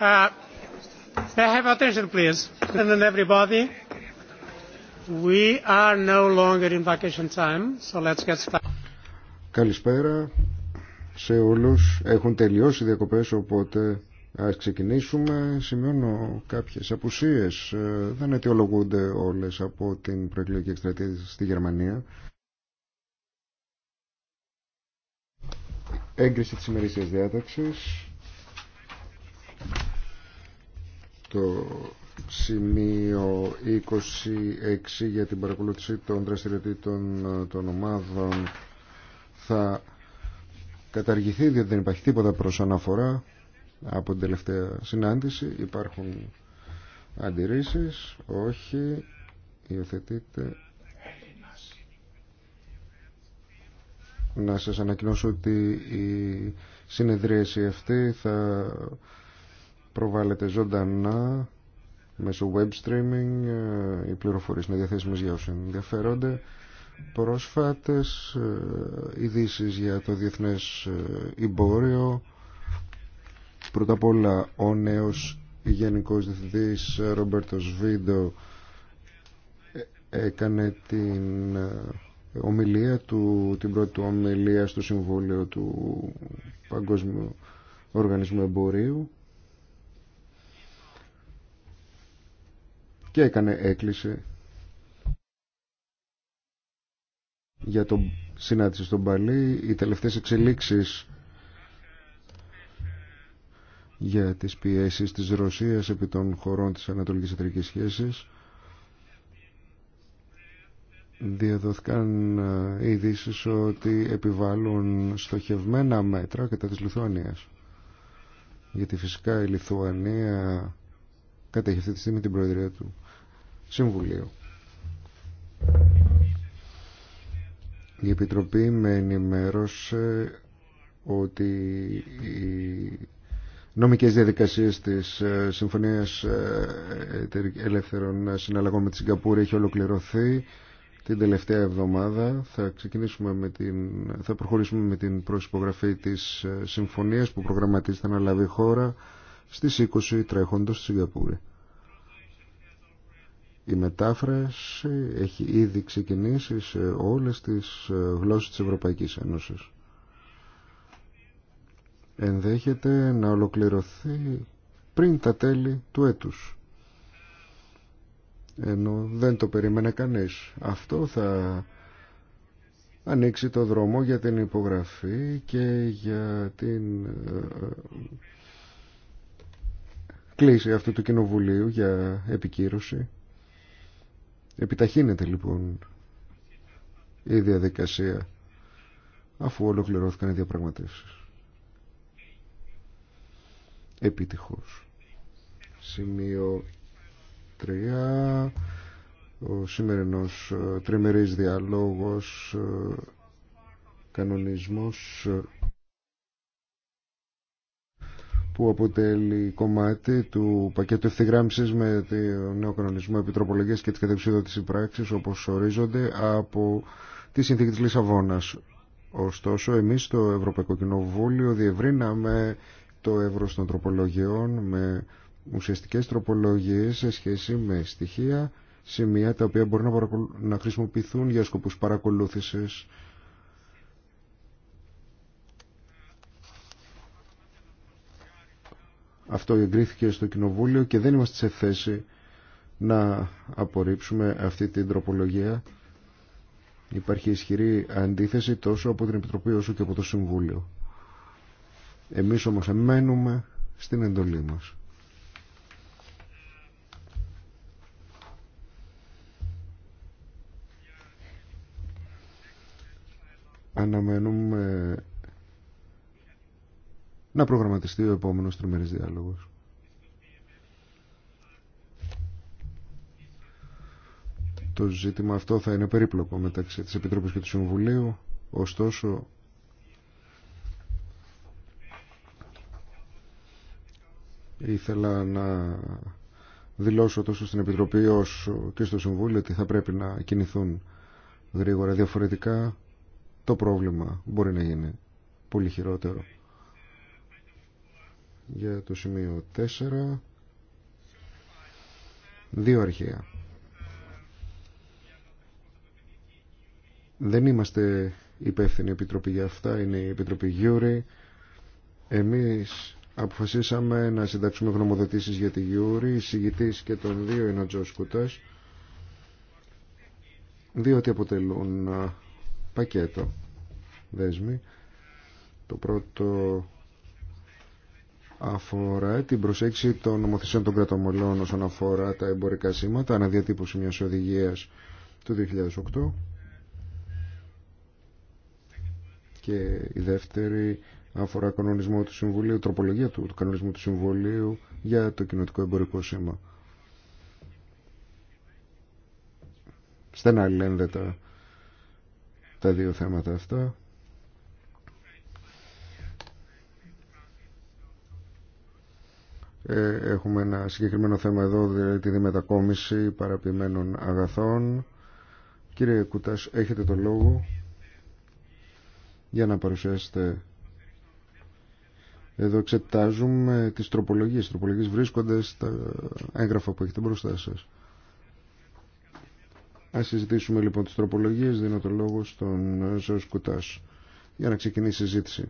Uh, have attention, please, and everybody. We are no longer in vacation time, so let's get started. Καλησπέρα σε όλους. Έχουν τελειώσει οι διακοπές, οπότε ας ξεκινήσουμε. Σημειώνω κάποιες απουσίες. Ε, δεν αιτιολογούνται όλες από την προεκλογική εκστρατεία στη Γερμανία. Έγκριση της ημερήσιας διάταξης. το σημείο 26 για την παρακολούθηση των δραστηριοτήτων των ομάδων θα καταργηθεί διότι δεν υπάρχει τίποτα προς αναφορά από την τελευταία συνάντηση υπάρχουν αντιρρήσεις όχι υιοθετείτε να σας ανακοινώσω ότι η συνεδρίαση αυτή θα προβάλλεται ζωντανά μέσω web streaming ε, οι πληροφορίες είναι διαθέσιμες για όσοι ενδιαφέρονται πρόσφατες ε, ειδήσει για το διεθνές ε, εμπόριο πρώτα απ' όλα ο νέος γενικός διευθυντής Ρομπέρτος Βίντο έκανε την ομιλία του, την πρώτη του ομιλία στο Συμβούλιο του Παγκόσμιου Οργανισμού Εμπορίου και έκανε έκκληση για το συνάντηση στον Παλί οι τελευταίες εξελίξεις για τις πιέσεις της Ρωσίας επί των χωρών της Ανατολικής Ατρικής Σχέσης διαδοθήκαν ε, ειδήσει ότι επιβάλλουν στοχευμένα μέτρα κατά της Λιθουανίας γιατί φυσικά η Λιθουανία κατέχει αυτή τη στιγμή την Προεδρία του Συμβουλίου. Η Επιτροπή με ενημέρωσε ότι οι νομικές διαδικασίες της ε, Συμφωνίας ε, Ελεύθερων Συναλλαγών με τη Σιγκαπούρη έχει ολοκληρωθεί την τελευταία εβδομάδα. Θα, ξεκινήσουμε με την, θα προχωρήσουμε με την προσυπογραφή της ε, συμφωνίας που προγραμματίζεται να λάβει η χώρα στις 20 τρέχοντος στη Σιγκαπούρη. Η μετάφραση έχει ήδη ξεκινήσει σε όλες τις ε, γλώσσες της Ευρωπαϊκής Ένωσης. Ενδέχεται να ολοκληρωθεί πριν τα τέλη του έτους. Ενώ δεν το περίμενε κανείς. Αυτό θα ανοίξει το δρόμο για την υπογραφή και για την ε, κλήση αυτού του κοινοβουλίου για επικύρωση. Επιταχύνεται λοιπόν η διαδικασία αφού ολοκληρώθηκαν οι διαπραγματεύσεις. Επιτυχώς. Σημείο 3. Ο σημερινός ε, τριμερής διαλόγος, ε, κανονισμός ε, που αποτελεί κομμάτι του πακέτου ευθυγράμμισης με το νέο κανονισμό επιτροπολογία και της κατευσίδωτης πράξη όπως ορίζονται από τη συνθήκη τη Λισαβόνα. Ωστόσο, εμείς στο Ευρωπαϊκό Κοινοβούλιο διευρύναμε το εύρο των τροπολογιών με ουσιαστικέ τροπολογίες σε σχέση με στοιχεία, σημεία τα οποία μπορούν να χρησιμοποιηθούν για σκοπούς παρακολούθηση. Αυτό εγκρίθηκε στο Κοινοβούλιο και δεν είμαστε σε θέση να απορρίψουμε αυτή την τροπολογία. Υπάρχει ισχυρή αντίθεση τόσο από την Επιτροπή όσο και από το Συμβούλιο. Εμείς όμως μένουμε στην εντολή μας. Αναμένουμε να προγραμματιστεί ο επόμενος τριμερής διάλογος. Το ζήτημα αυτό θα είναι περίπλοκο μεταξύ της Επιτροπής και του Συμβουλίου, ωστόσο ήθελα να δηλώσω τόσο στην Επιτροπή όσο και στο Συμβούλιο ότι θα πρέπει να κινηθούν γρήγορα. Διαφορετικά το πρόβλημα μπορεί να γίνει πολύ χειρότερο για το σημείο 4 δύο αρχεία δεν είμαστε υπεύθυνοι επιτροπή για αυτά είναι η επιτροπή Γιούρη εμείς αποφασίσαμε να συντάξουμε γνωμοδοτήσεις για τη Γιούρη εισηγητής και των δύο είναι ο Τζος διότι αποτελούν ε, πακέτο δέσμη το πρώτο αφορά την προσέξη των νομοθεσιών των κρατομολών όσον αφορά τα εμπορικά σήματα, αναδιατύπωση μιας οδηγίας του 2008 και η δεύτερη αφορά κανονισμό του Συμβουλίου, τροπολογία του, του κανονισμού του Συμβουλίου για το κοινοτικό εμπορικό σήμα. Στενά λένε τα, τα δύο θέματα αυτά. Ε, έχουμε ένα συγκεκριμένο θέμα εδώ, δηλαδή τη μετακόμιση παραποιημένων αγαθών. Κύριε Κουτάς, έχετε το λόγο για να παρουσιάσετε. Εδώ εξετάζουμε τις τροπολογίες. τροπολογίες βρίσκονται στα έγγραφα που έχετε μπροστά σας. Ας συζητήσουμε λοιπόν τις τροπολογίες. Δίνω το λόγο στον Ζωος Κουτάς για να ξεκινήσει η συζήτηση.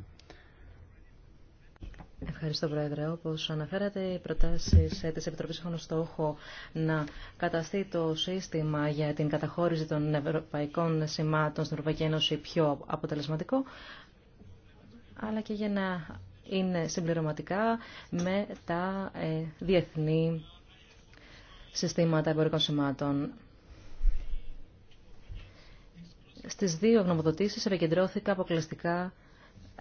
Ευχαριστώ, Πρόεδρε. Όπω αναφέρατε, οι προτάσει ε, τη Επιτροπή έχουν στόχο να καταστεί το σύστημα για την καταχώρηση των ευρωπαϊκών σημάτων στην Ευρωπαϊκή Ένωση πιο αποτελεσματικό, αλλά και για να είναι συμπληρωματικά με τα ε, διεθνή συστήματα εμπορικών σημάτων. Στις δύο γνωμοδοτήσεις επικεντρώθηκα αποκλειστικά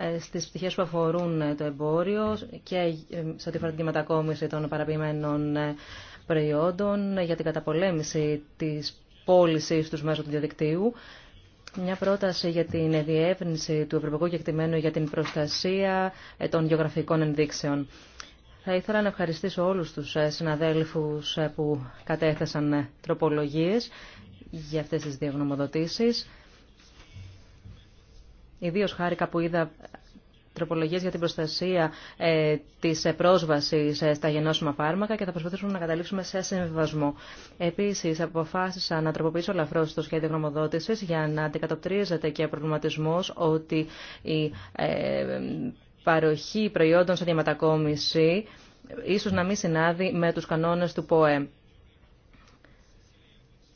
ε, στις πτυχές που αφορούν ε, το εμπόριο και ε, σε ό,τι αφορά την μετακόμιση των παραποιημένων προϊόντων για την καταπολέμηση της πώλησης τους μέσω του διαδικτύου. Μια πρόταση για την διεύρυνση του Ευρωπαϊκού Κεκτημένου για την προστασία των γεωγραφικών ενδείξεων. Θα ήθελα να ευχαριστήσω όλους τους συναδέλφους που κατέθεσαν τροπολογίες για αυτές τις διαγνωμοδοτήσεις. Ιδίω χάρηκα που είδα τροπολογίε για την προστασία ε, της πρόσβασης ε, στα γενώσιμα φάρμακα και θα προσπαθήσουμε να καταλήξουμε σε συμβιβασμό. Επίσης, αποφάσισα να τροποποιήσω ελαφρώ το σχέδιο γνωμοδότηση για να αντικατοπτρίζεται και ο προβληματισμό ότι η ε, παροχή προϊόντων σε διαμετακόμιση ίσως να μην συνάδει με τους κανόνες του ΠΟΕ.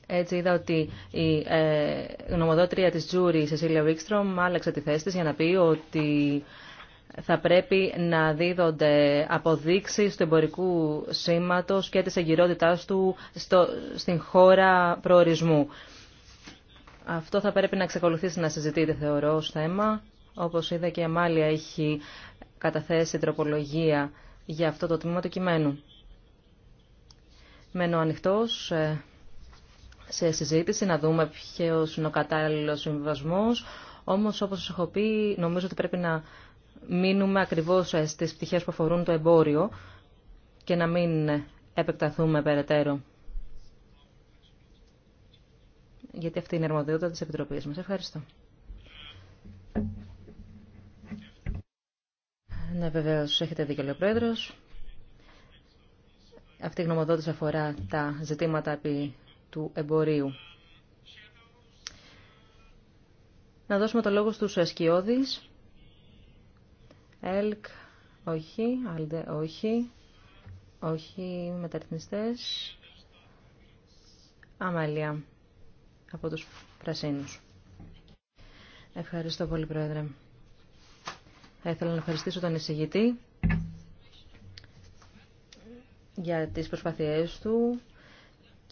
Έτσι είδα ότι η ε, γνωμοδότρια της Τζούρι, η Σεσίλια Βίξτρομ, άλλαξε τη θέση της για να πει ότι θα πρέπει να δίδονται αποδείξεις του εμπορικού σήματος και της εγκυρότητάς του στο, στην χώρα προορισμού. Αυτό θα πρέπει να εξακολουθήσει να συζητείται, θεωρώ, ως θέμα. Όπως είδα και η Αμάλια έχει καταθέσει τροπολογία για αυτό το τμήμα του κειμένου. Μένω ανοιχτός ε, σε συζήτηση να δούμε ποιο είναι ο κατάλληλο συμβιβασμός. Όμως, όπως σας έχω πει, νομίζω ότι πρέπει να μείνουμε ακριβώς στι πτυχέ που αφορούν το εμπόριο και να μην επεκταθούμε περαιτέρω. Γιατί αυτή είναι η αρμοδιότητα της Επιτροπής μα. Ευχαριστώ. Ναι, βεβαίω, έχετε δίκιο, ο Αυτή η γνωμοδότηση αφορά τα ζητήματα επί του εμπορίου. Να δώσουμε το λόγο στους ασκιόδης. ΕΛΚ, όχι. ΑΛΔΕ, όχι. Όχι μεταρρυθμιστές. Αμαλία, από τους Πρασίνους. Ευχαριστώ πολύ, Πρόεδρε. Θα ήθελα να ευχαριστήσω τον εισηγητή για τις προσπαθειές του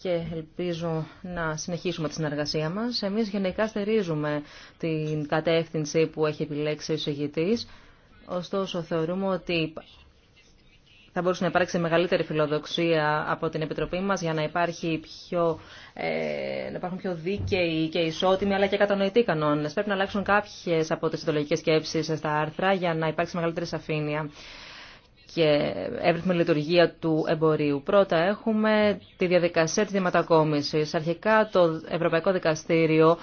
και ελπίζω να συνεχίσουμε τη συνεργασία μας. Εμείς γενικά στερίζουμε την κατεύθυνση που έχει επιλέξει ο εισηγητής, ωστόσο θεωρούμε ότι θα μπορούσε να υπάρξει μεγαλύτερη φιλοδοξία από την Επιτροπή μας για να, υπάρχει πιο, ε, να υπάρχουν πιο δίκαιοι και ισότιμοι αλλά και κατανοητοί κανόνες. Πρέπει να αλλάξουν κάποιες από τις συντολογικές σκέψεις στα άρθρα για να υπάρξει μεγαλύτερη σαφήνεια και εύρυθμη λειτουργία του εμπορίου. Πρώτα έχουμε τη διαδικασία της διματακόμισης. Αρχικά το Ευρωπαϊκό Δικαστήριο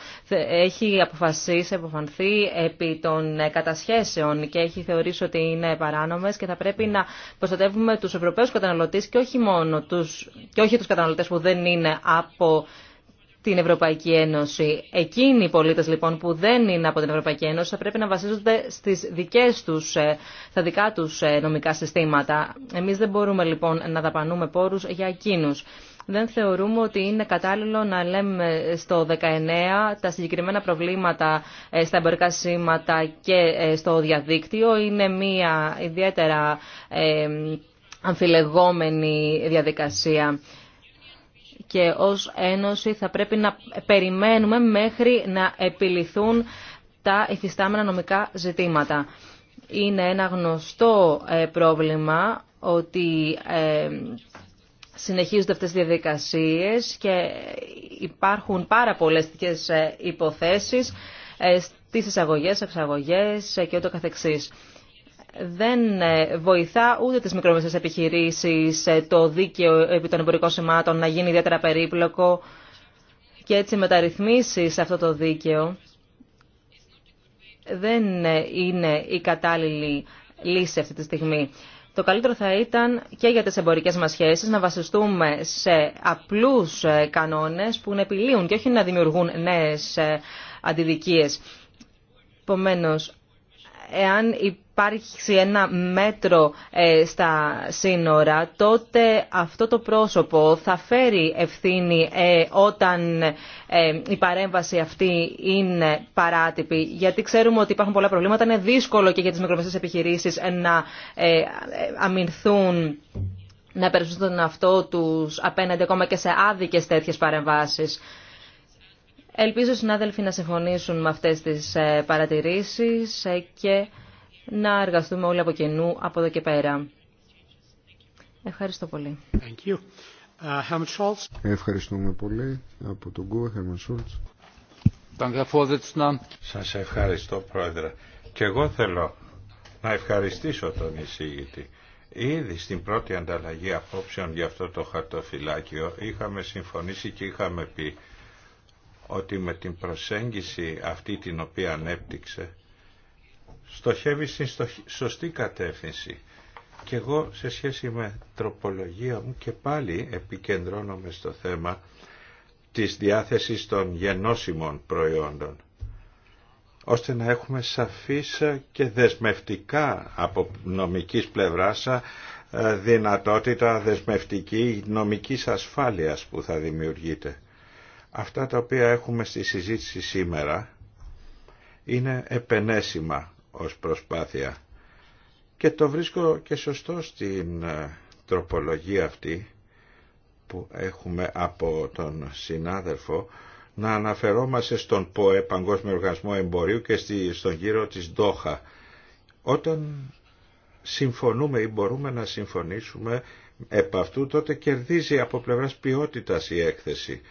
έχει αποφασίσει, αποφανθεί επί των κατασχέσεων και έχει θεωρήσει ότι είναι παράνομες και θα πρέπει να προστατεύουμε τους Ευρωπαίους καταναλωτές και όχι μόνο τους, και όχι τους καταναλωτές που δεν είναι από την Ευρωπαϊκή Ένωση. Εκείνοι οι πολίτες λοιπόν που δεν είναι από την Ευρωπαϊκή Ένωση θα πρέπει να βασίζονται στις δικές τους, ε, στα δικά τους ε, νομικά συστήματα. Εμείς δεν μπορούμε λοιπόν να δαπανούμε πόρους για εκείνους. Δεν θεωρούμε ότι είναι κατάλληλο να λέμε στο 19 τα συγκεκριμένα προβλήματα ε, στα εμπορικά σήματα και στο διαδίκτυο. Είναι μια ιδιαίτερα αμφιλεγόμενη διαδικασία και ως Ένωση θα πρέπει να περιμένουμε μέχρι να επιληθούν τα υφιστάμενα νομικά ζητήματα. Είναι ένα γνωστό ε, πρόβλημα ότι ε, συνεχίζονται αυτές οι διαδικασίες και υπάρχουν πάρα πολλές ε, υποθέσεις στις εισαγωγές, εξαγωγές και ούτω καθεξής δεν ε, βοηθά ούτε τις μικρομεσαίες επιχειρήσεις ε, το δίκαιο επί των εμπορικών σημάτων να γίνει ιδιαίτερα περίπλοκο και έτσι μεταρρυθμίσει σε αυτό το δίκαιο δεν ε, είναι η κατάλληλη λύση αυτή τη στιγμή. Το καλύτερο θα ήταν και για τις εμπορικές μας σχέσεις να βασιστούμε σε απλούς κανόνες που να επιλύουν και όχι να δημιουργούν νέες αντιδικίες. εάν υπάρξει ένα μέτρο ε, στα σύνορα, τότε αυτό το πρόσωπο θα φέρει ευθύνη ε, όταν ε, η παρέμβαση αυτή είναι παράτυπη. Γιατί ξέρουμε ότι υπάρχουν πολλά προβλήματα. Είναι δύσκολο και για τις μικρομεσαίες επιχειρήσεις να αμυνθούν να περισσούν τον αυτό τους απέναντι ακόμα και σε άδικες τέτοιες παρεμβάσεις. Ελπίζω συνάδελφοι να συμφωνήσουν με αυτές τις παρατηρήσεις και να εργαστούμε όλοι από κοινού από εδώ και πέρα. Ευχαριστώ πολύ. Thank uh, Ευχαριστούμε πολύ από τον Κούα, Χέρμαν Σας ευχαριστώ Πρόεδρε. Και εγώ θέλω να ευχαριστήσω τον εισηγητή. Ήδη στην πρώτη ανταλλαγή απόψεων για αυτό το χαρτοφυλάκιο είχαμε συμφωνήσει και είχαμε πει ότι με την προσέγγιση αυτή την οποία ανέπτυξε στοχεύει στην σωστή κατεύθυνση. Και εγώ σε σχέση με τροπολογία μου και πάλι επικεντρώνομαι στο θέμα της διάθεσης των γενώσιμων προϊόντων ώστε να έχουμε σαφής και δεσμευτικά από νομικής πλευράς ε, δυνατότητα δεσμευτική νομικής ασφάλειας που θα δημιουργείται. Αυτά τα οποία έχουμε στη συζήτηση σήμερα είναι επενέσιμα ως προσπάθεια και το βρίσκω και σωστό στην ε, τροπολογία αυτή που έχουμε από τον συνάδελφο να αναφερόμαστε στον ΠΟΕ Παγκόσμιο Οργανισμό Εμπορίου και στον γύρο της ΔΟΧΑ. μπορούμε να συμφωνήσουμε επ' αυτού τότε κερδίζει από πλευράς ποιότητας η έκθεση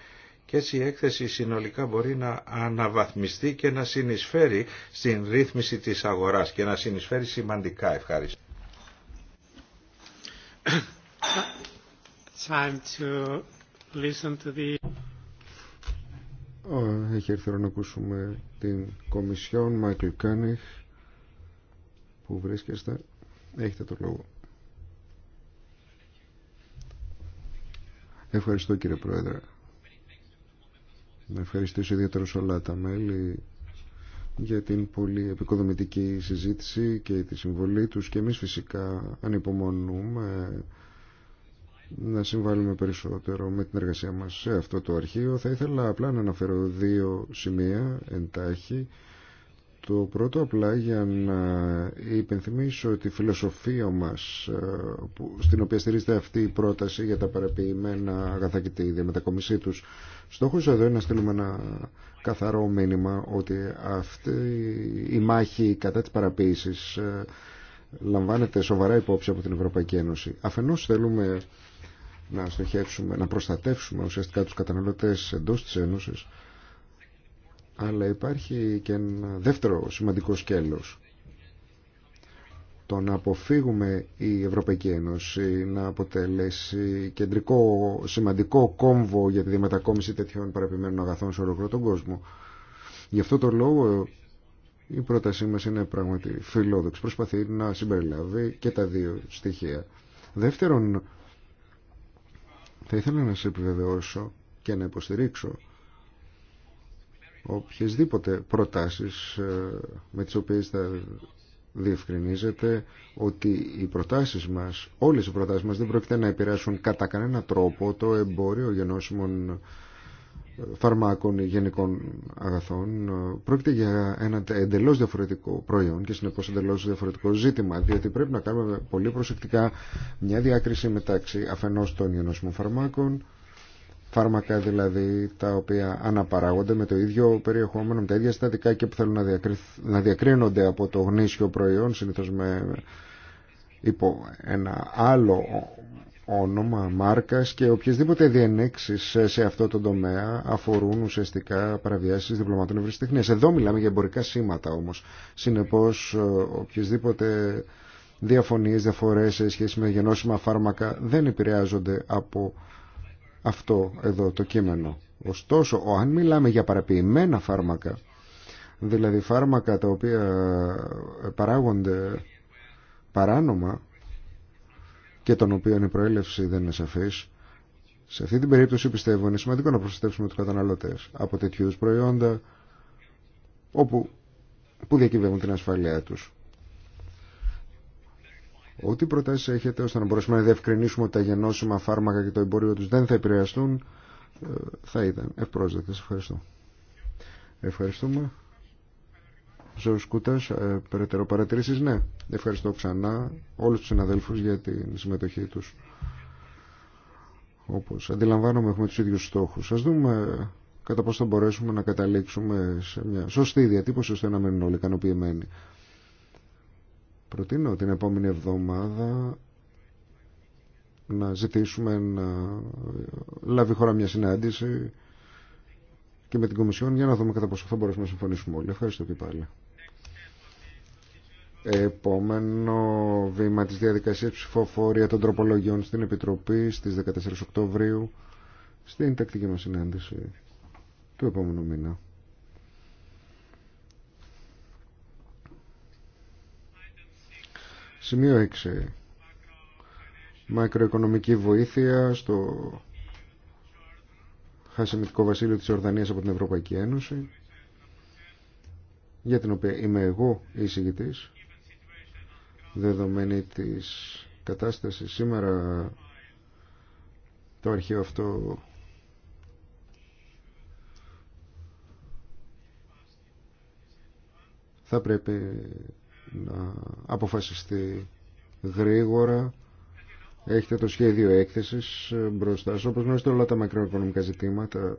και έτσι η έκθεση συνολικά μπορεί να αναβαθμιστεί και να συνεισφέρει στην ρύθμιση της αγοράς και να συνεισφέρει σημαντικά. Ευχαριστώ. Time to listen to the... Έχει έρθει να ακούσουμε την Κομισιόν Μάικλ Κάνιχ που βρίσκεστε. Έχετε το λόγο. Ευχαριστώ κύριε Πρόεδρε. Να ευχαριστήσω ιδιαίτερα όλα τα μέλη για την πολύ επικοδομητική συζήτηση και τη συμβολή τους και εμείς φυσικά ανυπομονούμε να συμβάλλουμε περισσότερο με την εργασία μας σε αυτό το αρχείο. Θα ήθελα απλά να αναφέρω δύο σημεία εντάχει το πρώτο απλά για να υπενθυμίσω τη φιλοσοφία μας ε, που, στην οποία στηρίζεται αυτή η πρόταση για τα παραποιημένα αγαθά και τη διαμετακομισή τους. Στόχος εδώ είναι να στείλουμε ένα καθαρό μήνυμα ότι αυτή η μάχη κατά της παραποίησης ε, λαμβάνεται σοβαρά υπόψη από την Ευρωπαϊκή Ένωση. Αφενός θέλουμε να στοχεύσουμε, να προστατεύσουμε ουσιαστικά τους καταναλωτές εντός της Ένωσης αλλά υπάρχει και ένα δεύτερο σημαντικό σκέλος. Το να αποφύγουμε η Ευρωπαϊκή Ένωση να αποτελέσει κεντρικό σημαντικό κόμβο για τη διαμετακόμιση τέτοιων παραπημένων αγαθών σε ολόκληρο τον κόσμο. Γι' αυτό το λόγο η πρότασή μας είναι πράγματι φιλόδοξη. Προσπαθεί να συμπεριλάβει και τα δύο στοιχεία. Δεύτερον, θα ήθελα να σε επιβεβαιώσω και να υποστηρίξω οποιασδήποτε προτάσεις ε, με τις οποίες θα διευκρινίζεται ότι οι προτάσεις μας, όλες οι προτάσεις μας δεν πρόκειται να επηρεάσουν κατά κανένα τρόπο το εμπόριο γενώσιμων ε, φαρμάκων ή γενικών αγαθών. Ε, πρόκειται για ένα εντελώς διαφορετικό προϊόν και συνεπώς εντελώς διαφορετικό ζήτημα, διότι πρέπει να κάνουμε πολύ προσεκτικά μια διάκριση μεταξύ αφενός των γενώσιμων φαρμάκων φάρμακα δηλαδή τα οποία αναπαράγονται με το ίδιο περιεχόμενο, με τα ίδια συστατικά και που θέλουν να, διακρι... να διακρίνονται από το γνήσιο προϊόν, συνήθω με υπό ένα άλλο όνομα, μάρκας και οποιασδήποτε διενέξεις σε αυτό το τομέα αφορούν ουσιαστικά παραβιάσεις διπλωμάτων ευρυστιχνίας. Εδώ μιλάμε για εμπορικά σήματα όμως. Συνεπώς ε, οποιασδήποτε διαφωνίες, διαφορές σε σχέση με γενώσιμα φάρμακα δεν επηρεάζονται από αυτό εδώ το κείμενο. Ωστόσο, αν μιλάμε για παραποιημένα φάρμακα, δηλαδή φάρμακα τα οποία ε, παράγονται παράνομα και των οποίων η προέλευση δεν είναι σαφής, σε αυτή την περίπτωση πιστεύω είναι σημαντικό να προστατεύσουμε τους καταναλωτές από τέτοιου προϊόντα όπου, που διακυβεύουν την ασφαλεία τους. Ό,τι προτάσει έχετε ώστε να μπορέσουμε να διευκρινίσουμε ότι τα γενώσιμα φάρμακα και το εμπόριο του δεν θα επηρεαστούν, ε, θα ήταν ευπρόσδεκτε. Ευχαριστώ. Ευχαριστούμε. Ζωής Κούτας, ε, περαιτέρω παρατηρήσεις, ναι. Ευχαριστώ ξανά όλους τους συναδέλφους για την συμμετοχή τους. Όπως αντιλαμβάνομαι έχουμε τους ίδιους στόχους. Ας δούμε ε, κατά πώς θα μπορέσουμε να καταλήξουμε σε μια σωστή διατύπωση ώστε να μείνουν όλοι ικανοποιημένοι. Προτείνω την επόμενη εβδομάδα να ζητήσουμε να λάβει χώρα μια συνάντηση και με την Κομισιόν για να δούμε κατά πόσο θα μπορέσουμε να συμφωνήσουμε όλοι. Ευχαριστώ και πάλι. Επόμενο βήμα της διαδικασίας ψηφοφορία των τροπολογιών στην Επιτροπή στις 14 Οκτωβρίου στην τακτική μας συνάντηση του επόμενου μήνα. Σημείο 6. Μακροοικονομική βοήθεια στο Χασιμητικό Βασίλειο της Ορδανίας από την Ευρωπαϊκή Ένωση για την οποία είμαι εγώ εισηγητής δεδομένη της κατάστασης σήμερα το αρχείο αυτό θα πρέπει να αποφασιστεί γρήγορα. Έχετε το σχέδιο έκθεσης ε, μπροστά σας, όπως γνωρίζετε όλα τα μακροοικονομικά ζητήματα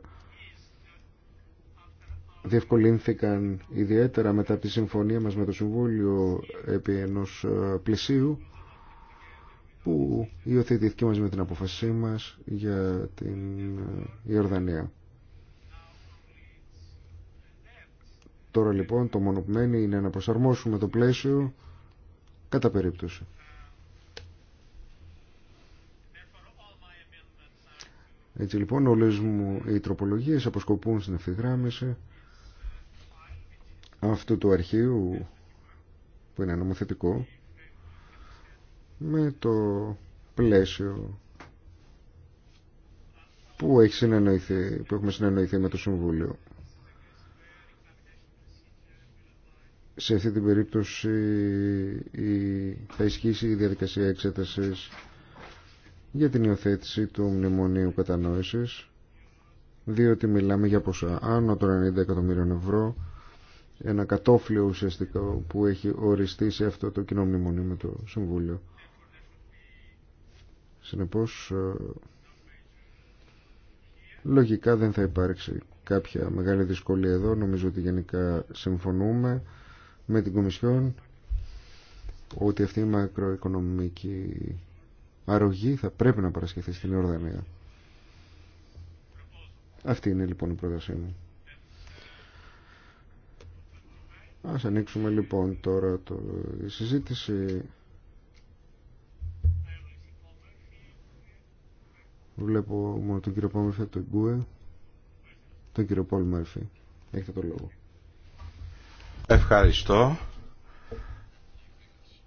διευκολύνθηκαν ιδιαίτερα μετά από τη συμφωνία μας με το Συμβούλιο επί ενός ε, πλησίου που υιοθετήθηκε μαζί με την αποφασή μας για την ε, Ιορδανία. Τώρα λοιπόν το μόνο που μένει είναι να προσαρμόσουμε το πλαίσιο κατά περίπτωση. Έτσι λοιπόν όλες μου οι τροπολογίες αποσκοπούν στην ευθυγράμμιση αυτού του αρχείου που είναι νομοθετικό με το πλαίσιο που, έχει που έχουμε συνεννοηθεί με το Συμβούλιο. σε αυτή την περίπτωση θα ισχύσει η διαδικασία εξέτασης για την υιοθέτηση του μνημονίου κατανόησης διότι μιλάμε για ποσά άνω των 90 εκατομμύριων ευρώ ένα κατόφλιο ουσιαστικά που έχει οριστεί σε αυτό το κοινό μνημονίο με το Συμβούλιο. Συνεπώς ε, λογικά δεν θα υπάρξει κάποια μεγάλη δυσκολία εδώ. Νομίζω ότι γενικά συμφωνούμε με την Κομισιόν ότι αυτή η μακροοικονομική αρρωγή θα πρέπει να παρασκευθεί στην Ιορδανία. Αυτή είναι λοιπόν η πρότασή μου. Ας ανοίξουμε λοιπόν τώρα το... συζήτηση. Βλέπω μόνο τον κύριο Πόμερφη, τον Γκουε, τον κύριο Πολ Έχετε το λόγο. Ευχαριστώ.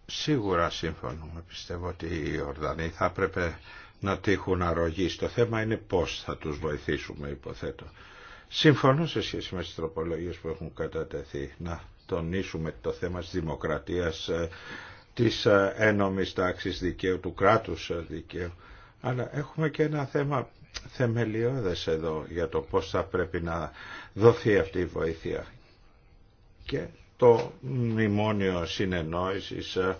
Σίγουρα συμφωνούμε. Πιστεύω ότι οι Ορδανοί θα έπρεπε να τύχουν αρρωγή. Το θέμα είναι πώς θα τους βοηθήσουμε, υποθέτω. Συμφωνώ σε σχέση με τις τροπολογίες που έχουν κατατεθεί. Να τονίσουμε το θέμα της δημοκρατίας, ε, της ε, ένομης τάξης δικαίου, του κράτους ε, δικαίου. Αλλά έχουμε και ένα θέμα θεμελιώδες εδώ για το πώς θα πρέπει να δοθεί αυτή η βοήθεια και το μνημόνιο συνεννόησης ε,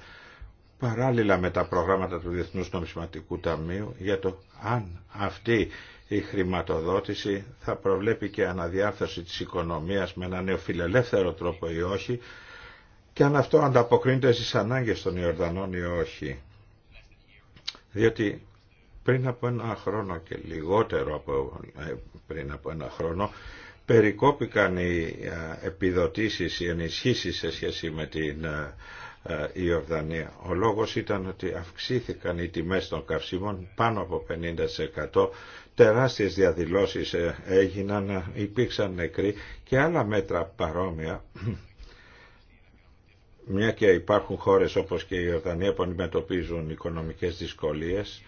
παράλληλα με τα προγράμματα του Διεθνούς Νομισματικού Ταμείου για το αν αυτή η χρηματοδότηση θα προβλέπει και αναδιάρθρωση της οικονομίας με ένα νεοφιλελεύθερο τρόπο ή όχι και αν αυτό ανταποκρίνεται στις ανάγκες των Ιορδανών ή όχι. Διότι πριν από ένα χρόνο και λιγότερο από ε, πριν από ένα χρόνο περικόπηκαν οι επιδοτήσεις, οι ενισχύσεις σε σχέση με την Ιορδανία. Ο λόγος ήταν ότι αυξήθηκαν οι τιμές των καυσίμων πάνω από 50%. Τεράστιες διαδηλώσεις ε, έγιναν, υπήρξαν νεκροί και άλλα μέτρα παρόμοια μια και υπάρχουν χώρες όπως και η Ιορδανία που αντιμετωπίζουν οικονομικές δυσκολίες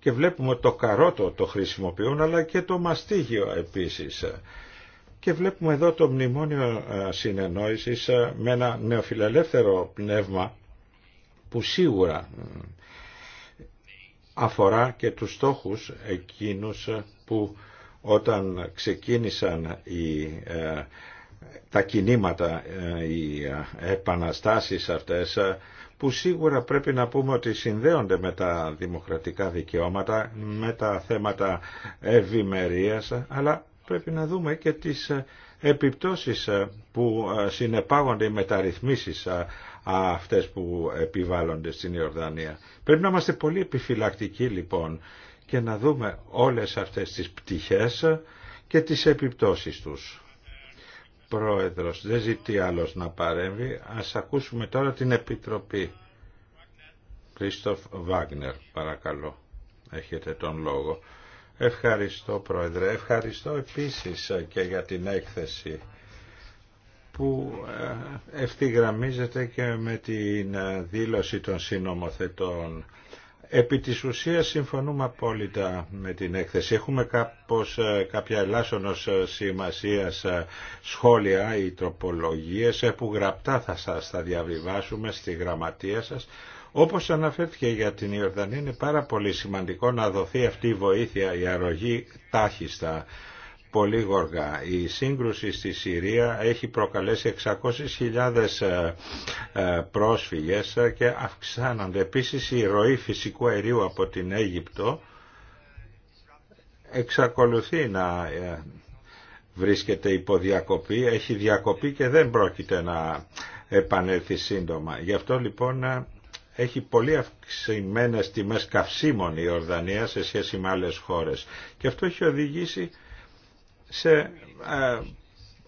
και βλέπουμε το καρότο το χρησιμοποιούν αλλά και το μαστίγιο επίσης και βλέπουμε εδώ το μνημόνιο ε, συνεννόησης ε, με ένα νεοφιλελεύθερο πνεύμα που σίγουρα αφορά και τους στόχους εκείνους ε, που όταν ξεκίνησαν οι, τα κινήματα, οι επαναστάσεις αυτές, που σίγουρα πρέπει να πούμε ότι συνδέονται με τα δημοκρατικά δικαιώματα, με τα θέματα ευημερία, αλλά πρέπει να δούμε και τις ε, επιπτώσεις ε, που ε, συνεπάγονται οι μεταρρυθμίσεις αυτές που επιβάλλονται στην Ιορδανία. Πρέπει να είμαστε πολύ επιφυλακτικοί λοιπόν και να δούμε όλες αυτές τις πτυχές και τις επιπτώσεις τους. Πρόεδρος, δεν ζητεί άλλος να παρέμβει. Ας ακούσουμε τώρα την Επιτροπή. Κρίστοφ Βάγνερ, παρακαλώ. Έχετε τον λόγο. Ευχαριστώ Πρόεδρε. Ευχαριστώ επίσης και για την έκθεση που ε, ευθυγραμμίζεται και με την ε, δήλωση των συνομοθετών. Επί της ουσίας συμφωνούμε απόλυτα με την έκθεση. Έχουμε κάπως, ε, κάποια ελάσσονος σημασίας σχόλια ή τροπολογίες που γραπτά θα σας τα διαβιβάσουμε στη γραμματεία σας όπως αναφέρθηκε για την Ιορδανία είναι πάρα πολύ σημαντικό να δοθεί αυτή η βοήθεια, η αρρωγή τάχιστα πολύ γοργά. Η σύγκρουση στη Συρία έχει προκαλέσει 600.000 ε, ε, πρόσφυγες και αυξάνονται. Επίσης η ροή φυσικού αερίου από την Αίγυπτο εξακολουθεί να ε, βρίσκεται υποδιακοπή, έχει διακοπή και δεν πρόκειται να επανέλθει σύντομα. Γι' αυτό λοιπόν έχει πολύ αυξημένε τιμέ καυσίμων η Ορδανία σε σχέση με άλλε χώρες. Και αυτό έχει οδηγήσει σε ε,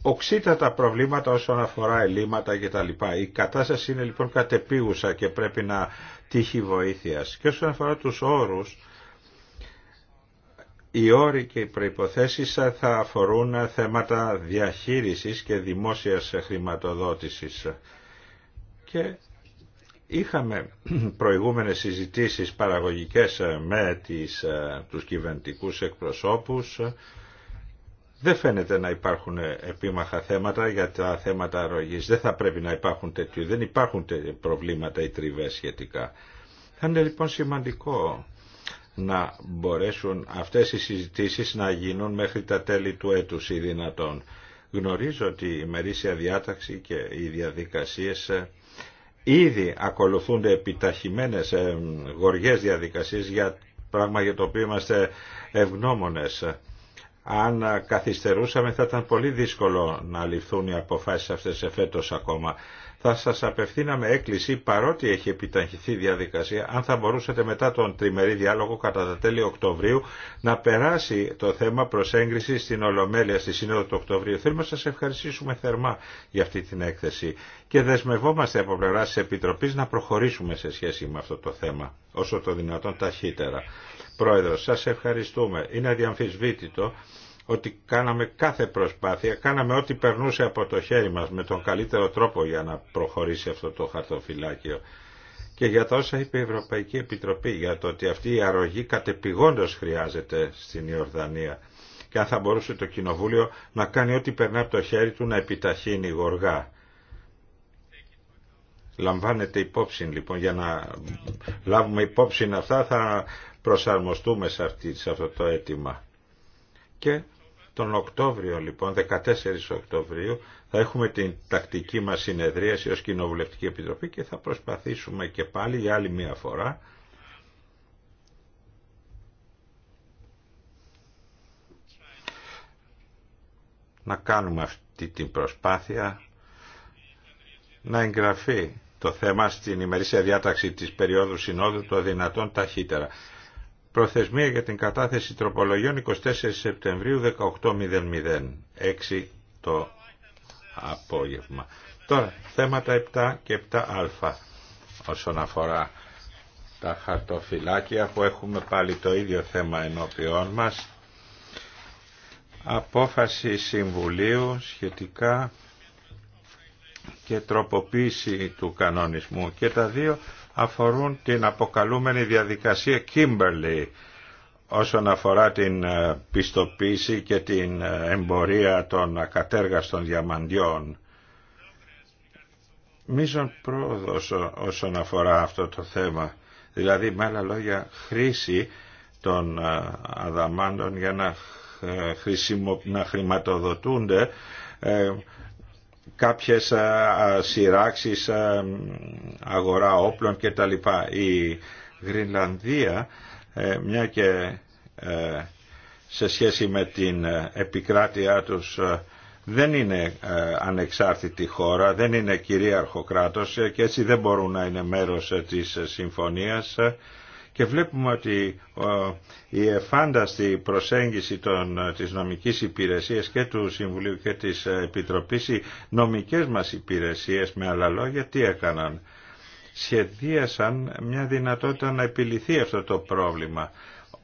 οξύτατα προβλήματα όσον αφορά ελλείμματα κτλ. Η κατάσταση είναι λοιπόν κατεπίγουσα και πρέπει να τύχει βοήθειας. Και όσον αφορά τους όρους, οι όροι και οι προϋποθέσεις θα αφορούν θέματα διαχείρισης και δημόσιας χρηματοδότησης. Και Είχαμε προηγούμενες συζητήσεις παραγωγικές ε, με τις, ε, τους κυβερνητικούς εκπροσώπους. Δεν φαίνεται να υπάρχουν επίμαχα θέματα για τα θέματα αρρωγής. Δεν θα πρέπει να υπάρχουν τέτοιου. Δεν υπάρχουν προβλήματα ή τριβές σχετικά. Θα είναι λοιπόν σημαντικό να μπορέσουν αυτές οι συζητήσεις να γίνουν μέχρι τα τέλη του έτους ή δυνατόν. Γνωρίζω ότι η μερίσια διάταξη και οι διαδικασίες ε, Ήδη ακολουθούνται επιταχυμένες ε, γοργές διαδικασίες για πράγμα για το οποίο είμαστε ευγνώμονες. Αν καθυστερούσαμε θα ήταν πολύ δύσκολο να ληφθούν οι αποφάσεις αυτές εφέτος ακόμα θα σας απευθύναμε έκκληση παρότι έχει επιταχυθεί η διαδικασία αν θα μπορούσατε μετά τον τριμερή διάλογο κατά τα τέλη Οκτωβρίου να περάσει το θέμα προσέγγισης έγκριση στην Ολομέλεια στη Σύνοδο του Οκτωβρίου. Θέλουμε να σας ευχαριστήσουμε θερμά για αυτή την έκθεση και δεσμευόμαστε από πλευρά τη Επιτροπής να προχωρήσουμε σε σχέση με αυτό το θέμα όσο το δυνατόν ταχύτερα. Πρόεδρος, σας ευχαριστούμε. Είναι αδιαμφισβήτητο ότι κάναμε κάθε προσπάθεια, κάναμε ό,τι περνούσε από το χέρι μας με τον καλύτερο τρόπο για να προχωρήσει αυτό το χαρτοφυλάκιο. Και για τα όσα είπε η Ευρωπαϊκή Επιτροπή, για το ότι αυτή η αρρωγή κατεπηγόντως χρειάζεται στην Ιορδανία και αν θα μπορούσε το Κοινοβούλιο να κάνει ό,τι περνά από το χέρι του να επιταχύνει γοργά. Λαμβάνεται υπόψη λοιπόν, για να λάβουμε υπόψη αυτά θα προσαρμοστούμε σε, αυτή, σε αυτό το αίτημα. Και τον Οκτώβριο λοιπόν, 14 Οκτωβρίου, θα έχουμε την τακτική μας συνεδρίαση ως Κοινοβουλευτική Επιτροπή και θα προσπαθήσουμε και πάλι για άλλη μία φορά να κάνουμε αυτή την προσπάθεια να εγγραφεί το θέμα στην ημερήσια διάταξη της περίοδου συνόδου το δυνατόν ταχύτερα. Προθεσμία για την κατάθεση τροπολογιών 24 Σεπτεμβρίου 18.00. 6 το απόγευμα. Τώρα, θέματα 7 και 7α όσον αφορά τα χαρτοφυλάκια που έχουμε πάλι το ίδιο θέμα ενώπιόν μας. Απόφαση Συμβουλίου σχετικά και τροποποίηση του κανονισμού και τα δύο αφορούν την αποκαλούμενη διαδικασία Kimberley όσον αφορά την ε, πιστοποίηση και την ε, εμπορία των ακατέργαστων διαμαντιών. Μίζων πρόοδος όσον αφορά αυτό το θέμα, δηλαδή με άλλα λόγια χρήση των ε, αδαμάντων για να, χρησιμο... να χρηματοδοτούνται κάποιες σειράξεις αγορά όπλων κτλ. Η Γρινλανδία, ε, μια και ε, σε σχέση με την ε, επικράτειά τους δεν είναι ανεξάρτητη χώρα, δεν είναι κυρίαρχο κράτος και έτσι δεν μπορούν να είναι μέρος της συμφωνίας και βλέπουμε ότι η εφάνταστη προσέγγιση των, της νομικής υπηρεσίας και του Συμβουλίου και της Επιτροπής, οι νομικές μας υπηρεσίες με άλλα λόγια τι έκαναν. Σχεδίασαν μια δυνατότητα να επιληθεί αυτό το πρόβλημα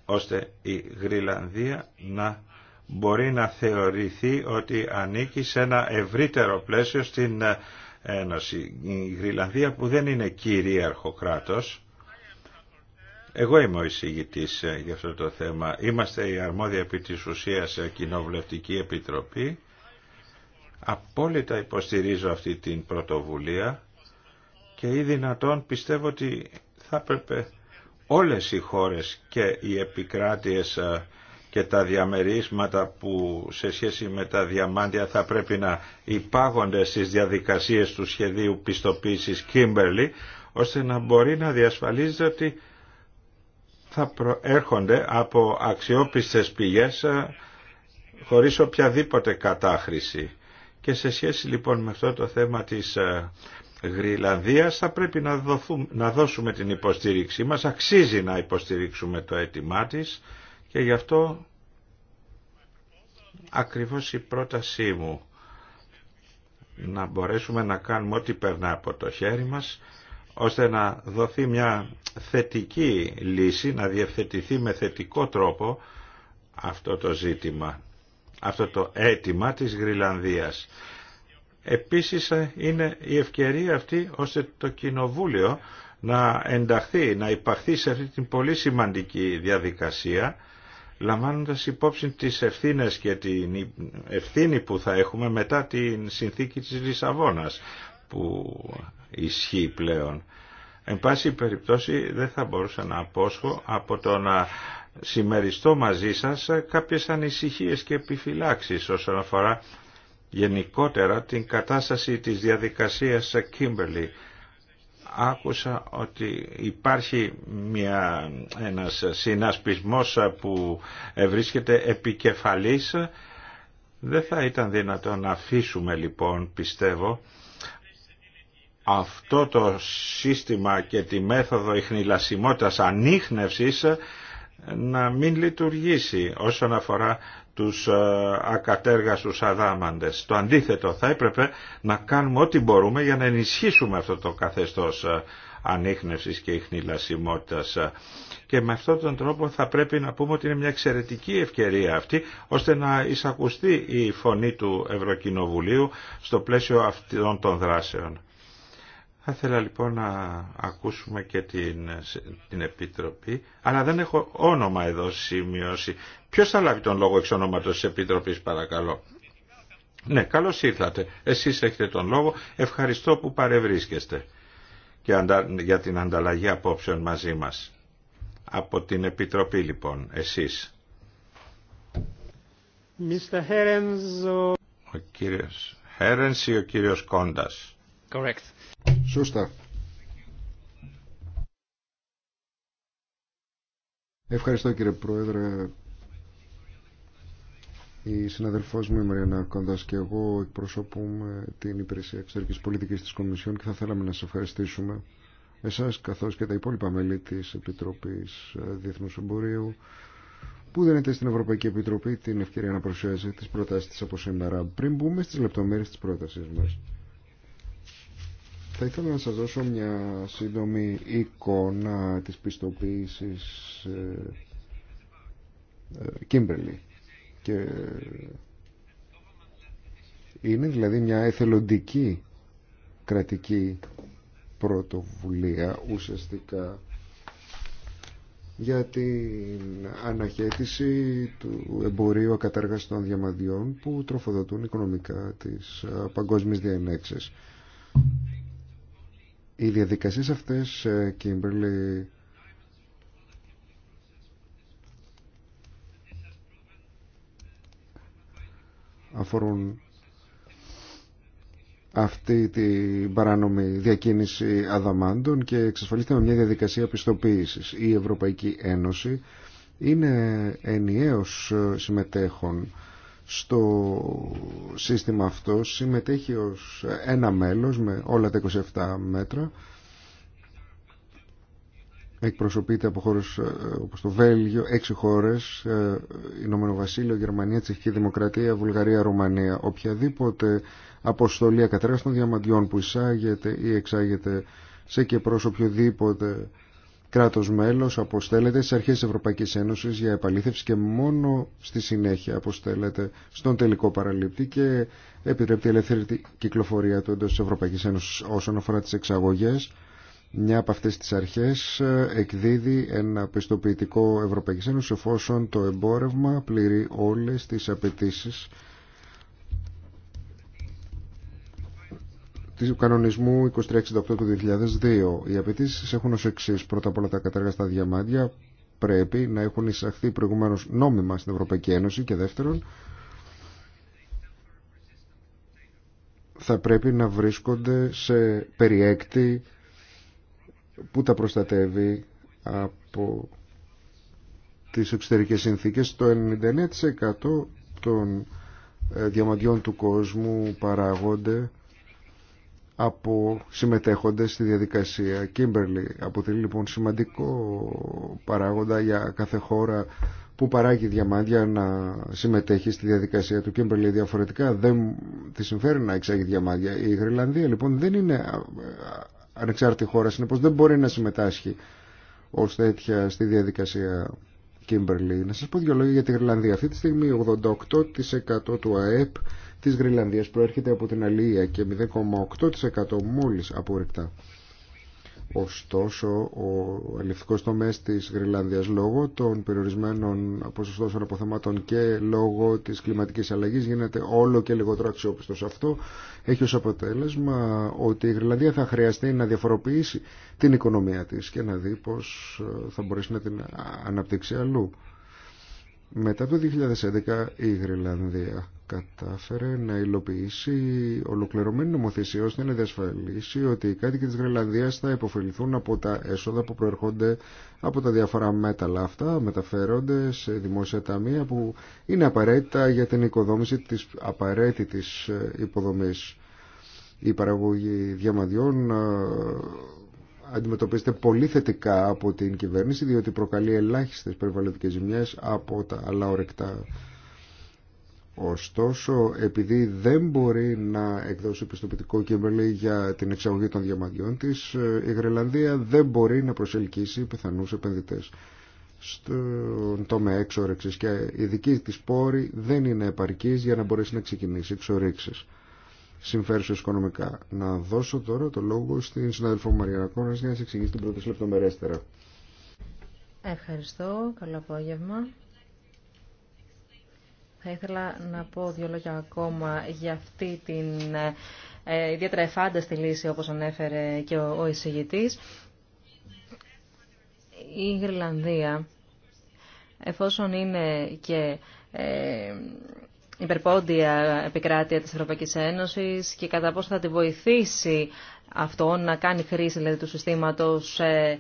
ώστε η Γρυλανδία να μπορεί να θεωρηθεί ότι ανήκει σε ένα ευρύτερο πλαίσιο στην ε, Ένωση. Η Γρυλανδία που δεν είναι κυρίαρχο κράτος εγώ είμαι ο εισηγητή ε, για αυτό το θέμα. Είμαστε η αρμόδια επί τη ουσία ε, κοινοβουλευτική επιτροπή. Απόλυτα υποστηρίζω αυτή την πρωτοβουλία και ή δυνατόν πιστεύω ότι θα έπρεπε όλες οι χώρες και οι επικράτειες ε, και τα διαμερίσματα που σε σχέση με τα διαμάντια θα πρέπει να υπάγονται στις διαδικασίες του σχεδίου πιστοποίησης Κίμπερλι, ώστε να μπορεί να διασφαλίζεται ότι θα έρχονται από αξιόπιστες πηγές ε, χωρίς οποιαδήποτε κατάχρηση. Και σε σχέση λοιπόν με αυτό το θέμα της ε, Γρυλανδίας θα πρέπει να, να δώσουμε την υποστήριξή μας, αξίζει να υποστηρίξουμε το αίτημά της και γι' αυτό ακριβώς η πρότασή μου να μπορέσουμε να κάνουμε ό,τι περνά από το χέρι μας ώστε να δοθεί μια θετική λύση, να διευθετηθεί με θετικό τρόπο αυτό το ζήτημα, αυτό το αίτημα της Γρυλανδίας. Επίσης ε, είναι η ευκαιρία αυτή ώστε το Κοινοβούλιο να ενταχθεί, να υπαχθεί σε αυτή την πολύ σημαντική διαδικασία λαμβάνοντας υπόψη τις ευθύνες και την ευθύνη που θα έχουμε μετά την συνθήκη της Λισαβόνας που ισχύει πλέον. Εν πάση περιπτώσει δεν θα μπορούσα να απόσχω από το να συμμεριστώ μαζί σας κάποιες ανησυχίες και επιφυλάξεις όσον αφορά γενικότερα την κατάσταση της διαδικασίας σε Κίμπερλι. Άκουσα ότι υπάρχει μια, ένας συνασπισμός που βρίσκεται επικεφαλής. Δεν θα ήταν δυνατόν να αφήσουμε λοιπόν, πιστεύω, αυτό το σύστημα και τη μέθοδο ιχνηλασιμότητας ανείχνευσης ε, να μην λειτουργήσει όσον αφορά τους ε, ακατέργαστους αδάμαντες. Το αντίθετο θα έπρεπε να κάνουμε ό,τι μπορούμε για να ενισχύσουμε αυτό το καθεστώς ε, ανείχνευσης και ιχνηλασιμότητας. Και με αυτόν τον τρόπο θα πρέπει να πούμε ότι είναι μια εξαιρετική ευκαιρία αυτή, ώστε να εισακουστεί η φωνή του Ευρωκοινοβουλίου στο πλαίσιο αυτών των δράσεων. Θα ήθελα λοιπόν να ακούσουμε και την, την Επιτροπή, αλλά δεν έχω όνομα εδώ σημειώσει. Ποιος θα λάβει τον λόγο εξ ονόματος της Επιτροπής παρακαλώ. Ναι, καλώς ήρθατε. Εσείς έχετε τον λόγο. Ευχαριστώ που παρευρίσκεστε και για την ανταλλαγή απόψεων μαζί μας. Από την Επιτροπή λοιπόν, εσείς. Mr. Herenzo. Ο κύριος Χέρενς ή ο κύριος Κόντας. Correct. Σωστά. Ευχαριστώ κύριε Πρόεδρε. Η συναδελφός μου η Μαριανά Κοντάς και εγώ εκπροσωπούμε την Υπηρεσία Εξωτερικής Πολιτικής της Κομισιόν και θα θέλαμε να σας ευχαριστήσουμε εσάς καθώς και τα υπόλοιπα μέλη της Επιτροπής ε, Διεθνούς Εμπορίου που δίνεται στην Ευρωπαϊκή Επιτροπή την ευκαιρία να παρουσιάζει τις προτάσεις της από σήμερα. Πριν μπούμε στις λεπτομέρειες της πρότασης μας. Θα ήθελα να σας δώσω μια σύντομη εικόνα της πιστοποίησης Κίμπερλι. Ε, Και είναι δηλαδή μια εθελοντική κρατική πρωτοβουλία ουσιαστικά για την αναχέτηση του εμπορίου των διαμαδιών που τροφοδοτούν οικονομικά τις ε, παγκόσμιες διενέξεις. Οι διαδικασίες αυτές, Κίμπερλι, αφορούν αυτή την παράνομη διακίνηση αδαμάντων και εξασφαλίζεται με μια διαδικασία πιστοποίησης. Η Ευρωπαϊκή Ένωση είναι ενιαίος συμμετέχων στο σύστημα αυτό συμμετέχει ως ένα μέλος με όλα τα 27 μέτρα εκπροσωπείται από χώρες ε, όπως το Βέλγιο, έξι χώρες, ε, Ηνωμένο Βασίλειο, Γερμανία, Τσεχική Δημοκρατία, Βουλγαρία, Ρουμανία. Οποιαδήποτε αποστολή ακατρέας των διαμαντιών που εισάγεται ή εξάγεται σε και προς οποιοδήποτε κράτος μέλος αποστέλλεται στις αρχές της Ευρωπαϊκής Ένωσης για επαλήθευση και μόνο στη συνέχεια αποστέλλεται στον τελικό παραλήπτη και επιτρέπει ελεύθερη κυκλοφορία του εντός της Ευρωπαϊκής Ένωσης όσον αφορά τις εξαγωγές. Μια από αυτές τις αρχές ε, εκδίδει ένα πιστοποιητικό Ευρωπαϊκής Ένωσης εφόσον το εμπόρευμα πληρεί όλες τις απαιτήσει. του κανονισμού 2368 του 2002. Οι απαιτήσει έχουν ω εξή. Πρώτα απ' όλα τα κατάργαστα διαμάντια πρέπει να έχουν εισαχθεί προηγουμένω νόμιμα στην Ευρωπαϊκή Ένωση και δεύτερον θα πρέπει να βρίσκονται σε περιέκτη που τα προστατεύει από τις εξωτερικές συνθήκες. Το 99% των ε, διαμαντιών του κόσμου παράγονται από συμμετέχοντες στη διαδικασία Κίμπερλι. Αποτελεί λοιπόν σημαντικό παράγοντα για κάθε χώρα που παράγει διαμάντια να συμμετέχει στη διαδικασία του Κίμπερλι. Διαφορετικά δεν τη συμφέρει να εξάγει διαμάντια. Η Γρυλανδία λοιπόν δεν είναι ανεξάρτητη χώρα, συνεπώς δεν μπορεί να συμμετάσχει ως τέτοια στη διαδικασία Κίμπερλι. Να σας πω δύο λόγια για τη Γρυλανδία. Αυτή τη στιγμή 88% του ΑΕΠ της Γρυλανδίας προέρχεται από την αλληλεία και 0,8% μόλις από Ωστόσο, ο αληθικός τομέας της Γρυλανδίας λόγω των περιορισμένων ποσοστώσεων αποθεμάτων και λόγω της κλιματικής αλλαγής γίνεται όλο και λιγότερο αξιόπιστος. Αυτό έχει ως αποτέλεσμα ότι η Γρυλανδία θα χρειαστεί να διαφοροποιήσει την οικονομία της και να δει πώς ε, θα μπορέσει να την αναπτύξει αλλού. Μετά το 2011 η Γρυλανδία κατάφερε να υλοποιήσει ολοκληρωμένη νομοθεσία ώστε να διασφαλίσει ότι οι κάτοικοι της Γρυλανδίας θα υποφεληθούν από τα έσοδα που προερχόνται από τα διάφορα μέταλλα αυτά, μεταφέρονται σε δημόσια ταμεία που είναι απαραίτητα για την οικοδόμηση της απαραίτητης ε, υποδομής. Η παραγωγή διαμαδιών ε, αντιμετωπίζεται πολύ θετικά από την κυβέρνηση διότι προκαλεί ελάχιστες περιβαλλοντικές ζημιές από τα άλλα ορεκτά Ωστόσο, επειδή δεν μπορεί να εκδώσει πιστοποιητικό Κίμπερλι για την εξαγωγή των διαμαντιών της, ε, η Γρελανδία δεν μπορεί να προσελκύσει πιθανού επενδυτές. Στον τομέα εξόρεξη και η δική της πόρη δεν είναι επαρκής για να μπορέσει να ξεκινήσει ορίξεις συμφέρουσες οικονομικά. Να δώσω τώρα το λόγο στην συνάδελφο Μαριάννα Κόνα για να σα εξηγήσει την πρώτη λεπτομερέστερα. Ευχαριστώ. Καλό απόγευμα. Θα ήθελα να πω δύο λόγια ακόμα για αυτή την ε, ιδιαίτερα εφάνταστη λύση όπως ανέφερε και ο εισηγητής. Η Γρυλανδία, εφόσον είναι και ε, υπερπόντια επικράτεια της Ευρωπαϊκής Ένωσης και κατά πόσο θα τη βοηθήσει αυτό να κάνει χρήση δηλαδή, του συστήματος ε,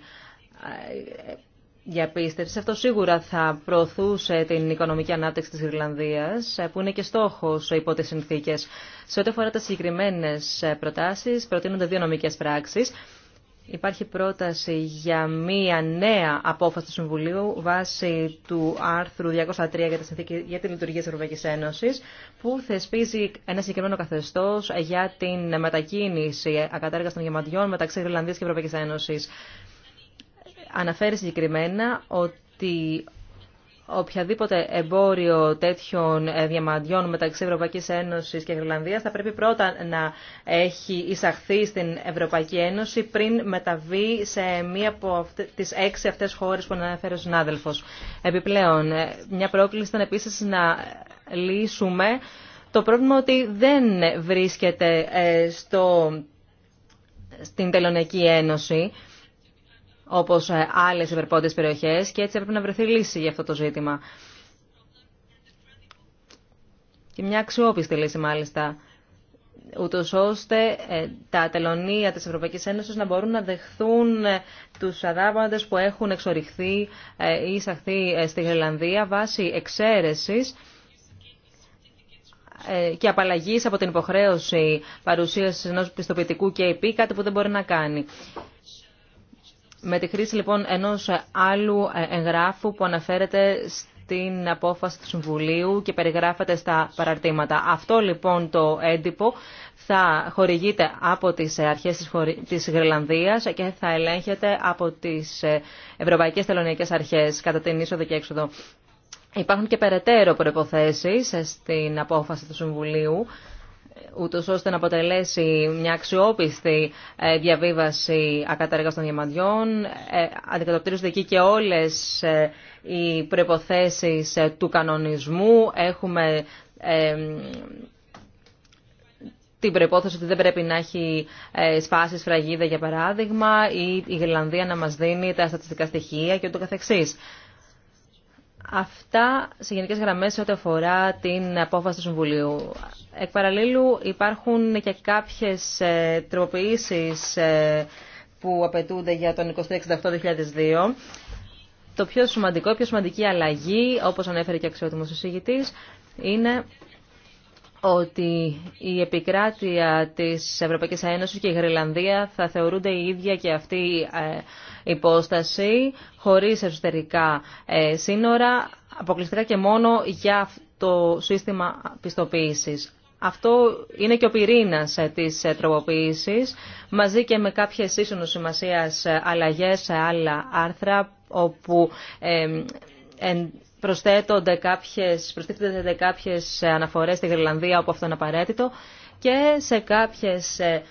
διαπίστευση. Αυτό σίγουρα θα προωθούσε την οικονομική ανάπτυξη της Ιρλανδίας, που είναι και στόχος υπό τις συνθήκες. Σε ό,τι αφορά τι συγκεκριμένες προτάσεις, προτείνονται δύο νομικές πράξεις. Υπάρχει πρόταση για μία νέα απόφαση του Συμβουλίου βάσει του άρθρου 203 για, τη συνθήκη, για τη λειτουργία της Ευρωπαϊκής Ένωσης που θεσπίζει ένα συγκεκριμένο καθεστώς για την μετακίνηση ακατάργαστων γεματιών μεταξύ Ιρλανδίας και Ευρωπαϊκής Ένωσης αναφέρει συγκεκριμένα ότι οποιαδήποτε εμπόριο τέτοιων ε, διαμαντιών μεταξύ Ευρωπαϊκής Ένωσης και Ιρλανδίας θα πρέπει πρώτα να έχει εισαχθεί στην Ευρωπαϊκή Ένωση πριν μεταβεί σε μία από τις έξι αυτές χώρες που αναφέρει ο συνάδελφος. Επιπλέον, ε, μια πρόκληση ήταν επίσης να λύσουμε το πρόβλημα ότι δεν βρίσκεται ε, στο, στην Τελωνική Ένωση όπω ε, άλλε ευρυπώντε περιοχέ και έτσι έπρεπε να βρεθεί λύση για αυτό το ζήτημα. Και μια αξιόπιστη λύση μάλιστα, Ούτω ώστε ε, τα τελωνία τη Ευρωπαϊκή Ένωση να μπορούν να δεχθούν ε, του αδάπαντες που έχουν εξοριχθεί ή εισαχθεί στη Γελλανδία βάσει εξαίρεσης και απαλλαγή από την υποχρέωση παρουσίαση ενό πιστοποιητικού KP, κάτι που δεν μπορεί να κάνει με τη χρήση λοιπόν ενός άλλου ε, εγγράφου που αναφέρεται στην απόφαση του Συμβουλίου και περιγράφεται στα παραρτήματα. Αυτό λοιπόν το έντυπο θα χορηγείται από τις ε, αρχές της Γρυλανδίας και θα ελέγχεται από τις ε, Ευρωπαϊκές Τελωνιακές Αρχές κατά την είσοδο και έξοδο. Υπάρχουν και περαιτέρω προϋποθέσεις στην απόφαση του Συμβουλίου ούτως ώστε να αποτελέσει μια αξιόπιστη ε, διαβίβαση των διαμαντιών. Ε, αντικατοπτρίζονται εκεί και όλες ε, οι προϋποθέσεις του κανονισμού. Έχουμε την προπόθεση ότι δεν πρέπει να έχει σπάσει σφραγίδα, για παράδειγμα, ή η η να μα δίνει τα στατιστικά στοιχεία και ούτω καθεξής. Αυτά σε γενικές γραμμές ό,τι αφορά την απόφαση του Συμβουλίου. Εκ παραλλήλου υπάρχουν και κάποιες ε, τροποποιήσεις ε, που απαιτούνται για τον 2068 2002 Το πιο σημαντικό, πιο σημαντική αλλαγή, όπως ανέφερε και ο αξιότιμος εισηγητής, είναι ότι η επικράτεια της Ευρωπαϊκής Ένωσης και η Γρυλανδία θα θεωρούνται η ίδια και αυτή η ε, υπόσταση χωρίς εσωτερικά ε, σύνορα, αποκλειστικά και μόνο για το σύστημα πιστοποίησης. Αυτό είναι και ο πυρήνας ε, της τροποποίησης, μαζί και με κάποιες ίσονος σημασίας αλλαγές σε άλλα άρθρα, όπου προσθέτονται κάποιες, προσθέτονται κάποιες αναφορές στη Γρυλανδία όπου αυτό είναι απαραίτητο και σε κάποιες ε,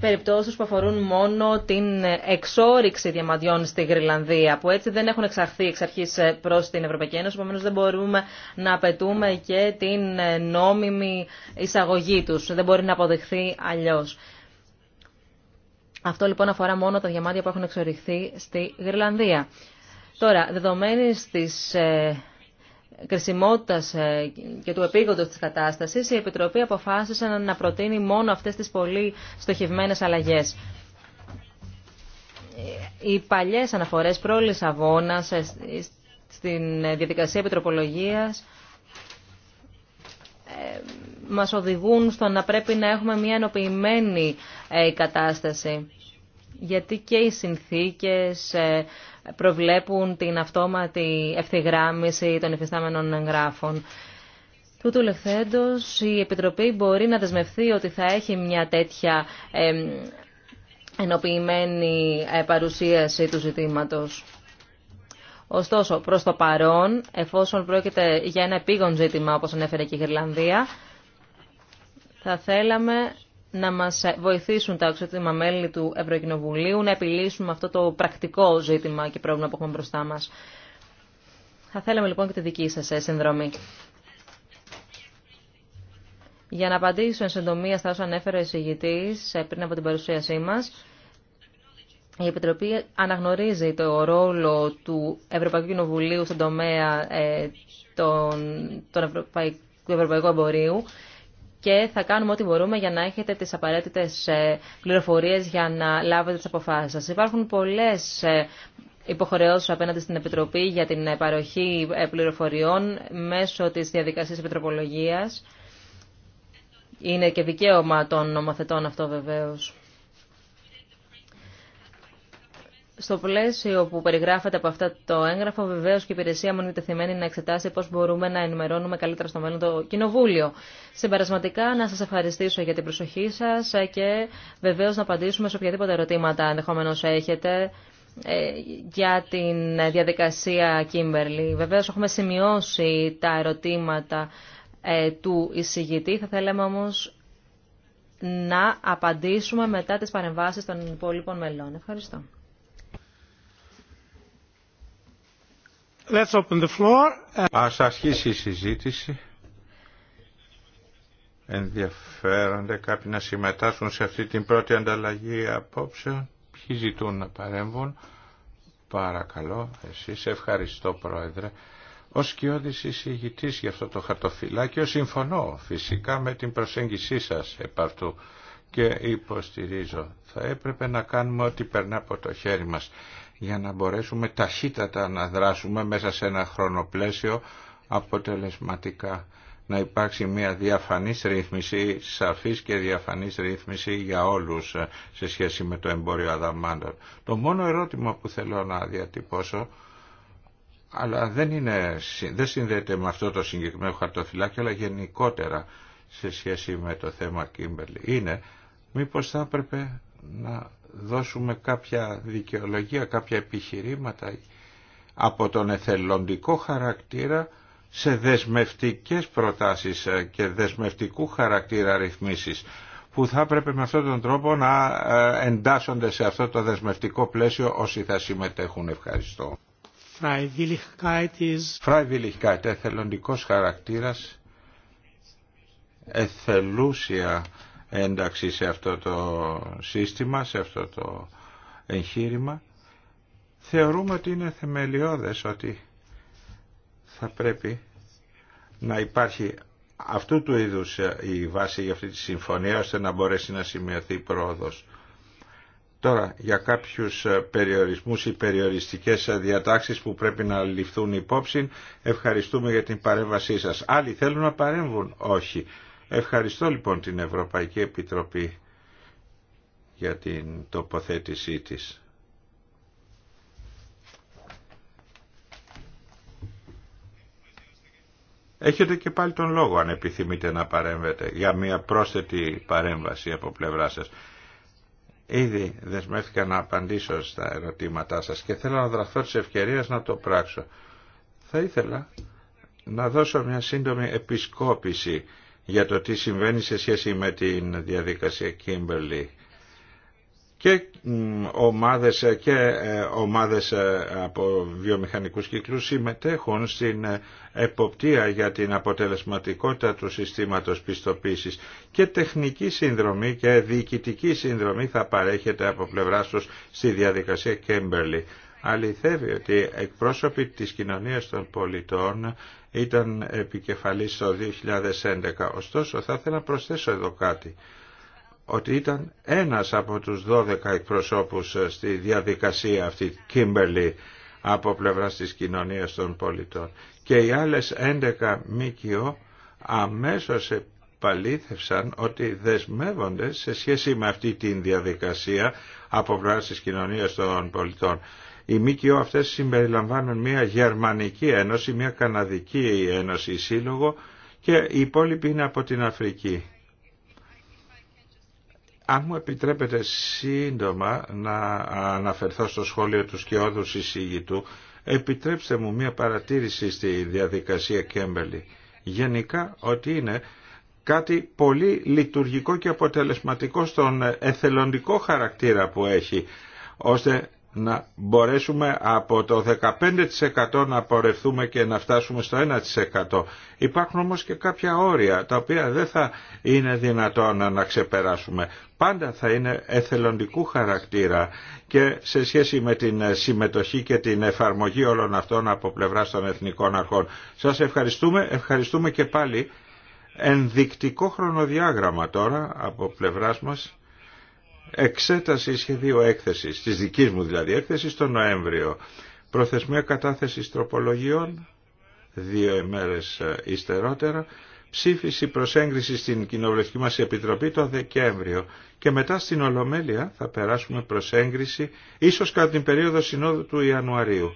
περιπτώσεις που αφορούν μόνο την εξόριξη διαμαντιών στη Γρυλανδία, που έτσι δεν έχουν εξαρθεί εξ αρχής ε, προς την Ευρωπαϊκή Ένωση, επομένω δεν μπορούμε να απαιτούμε και την ε, νόμιμη εισαγωγή τους. Δεν μπορεί να αποδεχθεί αλλιώς. Αυτό λοιπόν αφορά μόνο τα διαμάντια που έχουν εξοριχθεί στη Γρυλανδία. Τώρα, δεδομένης της ε, κρισιμότητας ε, και του επίγοντος της κατάστασης, η Επιτροπή αποφάσισε να προτείνει μόνο αυτέ τις πολύ στοχευμένες αλλαγές. Ε, οι παλιές αναφορές προ Λισαβόνα στην διαδικασία επιτροπολογίας μας οδηγούν στο να πρέπει να έχουμε μια ενοποιημένη κατάσταση. Γιατί και οι συνθήκες προβλέπουν την αυτόματη ευθυγράμμιση των υφιστάμενων εγγράφων. Τούτου λεχθέντος, η Επιτροπή μπορεί να δεσμευθεί ότι θα έχει μια τέτοια ενοποιημένη ε, παρουσίαση του ζητήματος. Ωστόσο, προς το παρόν, εφόσον πρόκειται για ένα επίγον ζήτημα, όπως ανέφερε και η Γερλανδία, θα θέλαμε να μας βοηθήσουν τα αξιότιμα μέλη του Ευρωκοινοβουλίου να επιλύσουμε αυτό το πρακτικό ζήτημα και πρόβλημα που έχουμε μπροστά μας. Θα θέλαμε λοιπόν και τη δική σας ε, συνδρομή. Για να απαντήσω εν συντομία στα όσα ανέφερε ο εισηγητή ε, πριν από την παρουσίασή μα, η Επιτροπή αναγνωρίζει το ρόλο του Ευρωπαϊκού Κοινοβουλίου στον τομέα ε, του Ευρωπαϊκού Εμπορίου και θα κάνουμε ό,τι μπορούμε για να έχετε τις απαραίτητες ε, πληροφορίες για να λάβετε τις αποφάσεις σας. Υπάρχουν πολλές ε, υποχρεώσεις απέναντι στην Επιτροπή για την ε, παροχή πληροφοριών μέσω της διαδικασίας επιτροπολογίας. Είναι και δικαίωμα των νομοθετών αυτό βεβαίως. Στο πλαίσιο που περιγράφεται από αυτά το έγγραφο, βεβαίω και η υπηρεσία μου είναι τεθειμένη να εξετάσει πώ μπορούμε να ενημερώνουμε καλύτερα στο μέλλον το Κοινοβούλιο. Συμπερασματικά, να σα ευχαριστήσω για την προσοχή σα και βεβαίω να απαντήσουμε σε οποιαδήποτε ερωτήματα ενδεχομένω έχετε ε, για την διαδικασία Κίμπερλι. Βεβαίω, έχουμε σημειώσει τα ερωτήματα ε, του εισηγητή. Θα θέλαμε όμω να απαντήσουμε μετά τις παρεμβάσεις των υπόλοιπων μελών. Ευχαριστώ. Let's Ας αρχίσει η συζήτηση. Ενδιαφέρονται κάποιοι να συμμετάσχουν σε αυτή την πρώτη ανταλλαγή απόψε. Ποιοι ζητούν να παρέμβουν. Παρακαλώ, εσείς ευχαριστώ πρόεδρε. Ως κοιόδης εισηγητής για αυτό το χαρτοφυλάκιο συμφωνώ φυσικά με την προσέγγισή σας επ' αυτού και υποστηρίζω. Θα έπρεπε να κάνουμε ό,τι περνά από το χέρι μας για να μπορέσουμε ταχύτατα να δράσουμε μέσα σε ένα χρονοπλαίσιο αποτελεσματικά. Να υπάρξει μια διαφανής ρύθμιση, σαφής και διαφανής ρύθμιση για όλους σε σχέση με το εμπόριο αδαμάντων. Το μόνο ερώτημα που θέλω να διατυπώσω, αλλά δεν, είναι, δεν συνδέεται με αυτό το συγκεκριμένο χαρτοφυλάκιο, αλλά γενικότερα σε σχέση με το θέμα Κίμπερλι, είναι μήπως θα έπρεπε να δώσουμε κάποια δικαιολογία, κάποια επιχειρήματα από τον εθελοντικό χαρακτήρα σε δεσμευτικές προτάσεις ε, και δεσμευτικού χαρακτήρα ρυθμίσεις που θα έπρεπε με αυτόν τον τρόπο να ε, εντάσσονται σε αυτό το δεσμευτικό πλαίσιο όσοι θα συμμετέχουν. Ευχαριστώ. Freiwilligkeit, εθελοντικός χαρακτήρας, εθελούσια ένταξη σε αυτό το σύστημα, σε αυτό το εγχείρημα. Θεωρούμε ότι είναι θεμελιώδες ότι θα πρέπει να υπάρχει αυτού του είδους ε, η βάση για αυτή τη συμφωνία ώστε να μπορέσει να σημειωθεί πρόοδος. Τώρα, για κάποιους ε, περιορισμούς ή περιοριστικές ε, διατάξεις που πρέπει να ληφθούν υπόψη, ευχαριστούμε για την παρέμβασή σας. Άλλοι θέλουν να παρέμβουν, όχι. Ευχαριστώ λοιπόν την Ευρωπαϊκή Επιτροπή για την τοποθέτησή της. Έχετε και πάλι τον λόγο αν επιθυμείτε να παρέμβετε για μια πρόσθετη παρέμβαση από πλευρά σας. Ήδη δεσμεύτηκα να απαντήσω στα ερωτήματά σας και θέλω να δραθώ της ευκαιρίας να το πράξω. Θα ήθελα να δώσω μια σύντομη επισκόπηση για το τι συμβαίνει σε σχέση με την διαδικασία Kimberley και ομάδες και ε, ομάδες ε, από βιομηχανικούς κύκλους συμμετέχουν στην ε, εποπτεία για την αποτελεσματικότητα του συστήματος πιστοποίησης και τεχνική συνδρομή και διοικητική συνδρομή θα παρέχεται από πλευράς τους στη διαδικασία Κέμπερλι. Αληθεύει ότι εκπρόσωποι της κοινωνίας των πολιτών ήταν επικεφαλής το 2011. Ωστόσο θα ήθελα να προσθέσω εδώ κάτι ότι ήταν ένας από τους 12 εκπροσώπους ε, στη διαδικασία αυτή, Κίμπερλι, από πλευρά της κοινωνίας των πολιτών. Και οι άλλες 11 ΜΚΟ αμέσως επαλήθευσαν ότι δεσμεύονται σε σχέση με αυτή τη διαδικασία από πλευρά της κοινωνίας των πολιτών. Οι ΜΚΟ αυτές συμπεριλαμβάνουν μια Γερμανική Ένωση, μια Καναδική Ένωση Σύλλογο και οι υπόλοιποι είναι από την Αφρική. Αν μου επιτρέπετε σύντομα να αναφερθώ στο σχόλιο του σκιώδου του, επιτρέψτε μου μια παρατήρηση στη διαδικασία Κέμπελη. Γενικά ότι είναι κάτι πολύ λειτουργικό και αποτελεσματικό στον εθελοντικό χαρακτήρα που έχει, ώστε να μπορέσουμε από το 15% να πορευθούμε και να φτάσουμε στο 1%. Υπάρχουν όμως και κάποια όρια τα οποία δεν θα είναι δυνατόν να ξεπεράσουμε. Πάντα θα είναι εθελοντικού χαρακτήρα και σε σχέση με την συμμετοχή και την εφαρμογή όλων αυτών από πλευράς των εθνικών αρχών. Σας ευχαριστούμε, ευχαριστούμε και πάλι ενδεικτικό χρονοδιάγραμμα τώρα από πλευρά μας εξέταση σχεδίου έκθεσης, της δικής μου δηλαδή έκθεση το Νοέμβριο. Προθεσμία κατάθεσης τροπολογιών, δύο ημέρες ε, ύστερότερα, ψήφιση προσέγγισης στην Κοινοβουλευτική μας Επιτροπή το Δεκέμβριο και μετά στην Ολομέλεια θα περάσουμε προσέγγιση ίσως κατά την περίοδο συνόδου του Ιανουαρίου.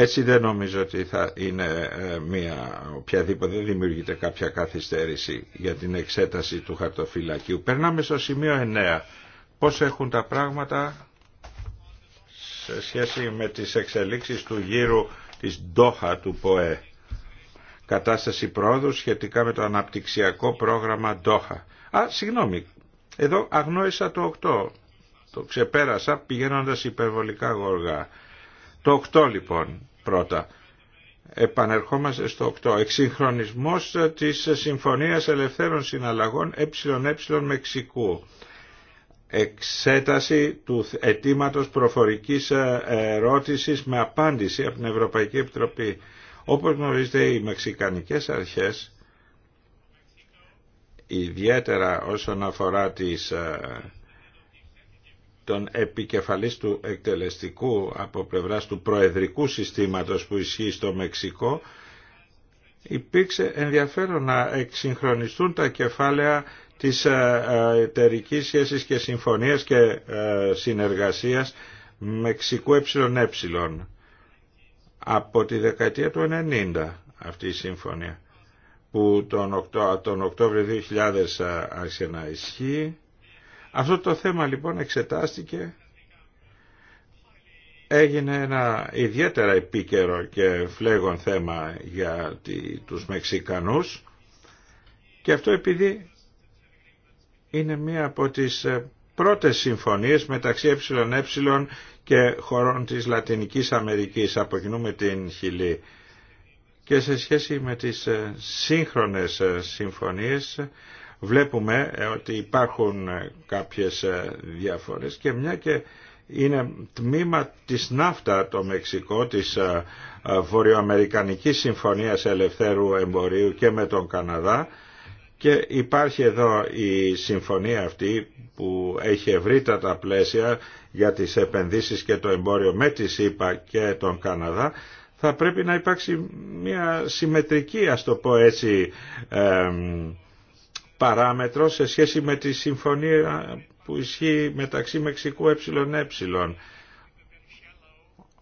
Έτσι δεν νομίζω ότι θα είναι ε, μια οποιαδήποτε, δεν δημιουργείται κάποια καθυστέρηση για την εξέταση του χαρτοφυλακίου. Περνάμε στο σημείο 9. Πώς έχουν τα πράγματα σε σχέση με τις εξελίξεις του γύρου της Ντόχα του ΠΟΕ. Κατάσταση πρόοδου σχετικά με το αναπτυξιακό πρόγραμμα Ντόχα. Α, συγγνώμη, εδώ αγνόησα το 8. Το ξεπέρασα πηγαίνοντας υπερβολικά γοργά. Το 8 λοιπόν πρώτα. Επανερχόμαστε στο 8. Εξυγχρονισμός της Συμφωνίας Ελευθέρων Συναλλαγών ΕΕ Μεξικού. Εξέταση του αιτήματος προφορικής ερώτησης με απάντηση από την Ευρωπαϊκή Επιτροπή. Όπως γνωρίζετε οι μεξικανικές αρχές, ιδιαίτερα όσον αφορά τις ε, τον επικεφαλής του εκτελεστικού από πλευράς του προεδρικού συστήματος που ισχύει στο Μεξικό, υπήρξε ενδιαφέρον να εξυγχρονιστούν τα κεφάλαια της ε, ε, εταιρική σχέσης και συμφωνίας και ε, συνεργασίας Μεξικού ΕΕ από τη δεκαετία του 90 αυτή η συμφωνία που τον, τον Οκτώβριο 2000 άρχισε να ισχύει αυτό το θέμα λοιπόν εξετάστηκε, έγινε ένα ιδιαίτερα επίκαιρο και φλέγον θέμα για τους Μεξικανούς και αυτό επειδή είναι μία από τις ε, πρώτες συμφωνίες μεταξύ ΕΕ και χωρών της Λατινικής Αμερικής από την Χιλή και σε σχέση με τις ε, σύγχρονες ε, συμφωνίες βλέπουμε ε, ότι υπάρχουν ε, κάποιες ε, διαφορές και μια και είναι τμήμα της ναύτα το Μεξικό, της Βορειοαμερικανικής Συμφωνίας Ελευθέρου Εμπορίου και με τον Καναδά και υπάρχει εδώ η συμφωνία αυτή που έχει ευρύτατα πλαίσια για τις επενδύσεις και το εμπόριο με τη ΣΥΠΑ και τον Καναδά θα πρέπει να υπάρξει μια συμμετρική ας το πω έτσι παράμετρο σε σχέση με τη συμφωνία που ισχύει μεταξύ Μεξικού ΕΕ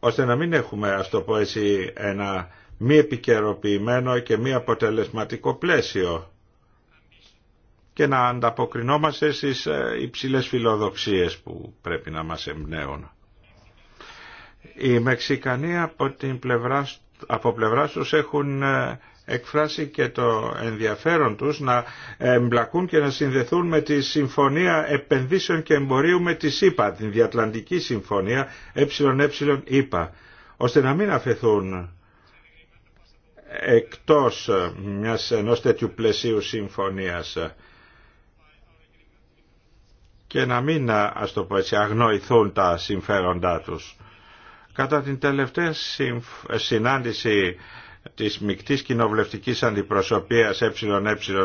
ώστε να μην έχουμε, ας το πω έτσι, ένα μη επικαιροποιημένο και μη αποτελεσματικό πλαίσιο και να ανταποκρινόμαστε στις ε, υψηλές φιλοδοξίες που πρέπει να μας εμπνέουν. Οι Μεξικανοί από, την πλευρά, από πλευρά τους έχουν ε, εκφράσει και το ενδιαφέρον τους να εμπλακούν και να συνδεθούν με τη Συμφωνία Επενδύσεων και Εμπορίου με τη ΣΥΠΑ, την Διατλαντική Συμφωνία ΕΕΙΠΑ, ώστε να μην αφαιθούν εκτός μιας ενός τέτοιου πλαισίου συμφωνίας και να μην, ας το αγνοηθούν τα συμφέροντά τους. Κατά την τελευταία συνάντηση της μικτής κοινοβουλευτικής αντιπροσωπείας ΕΕ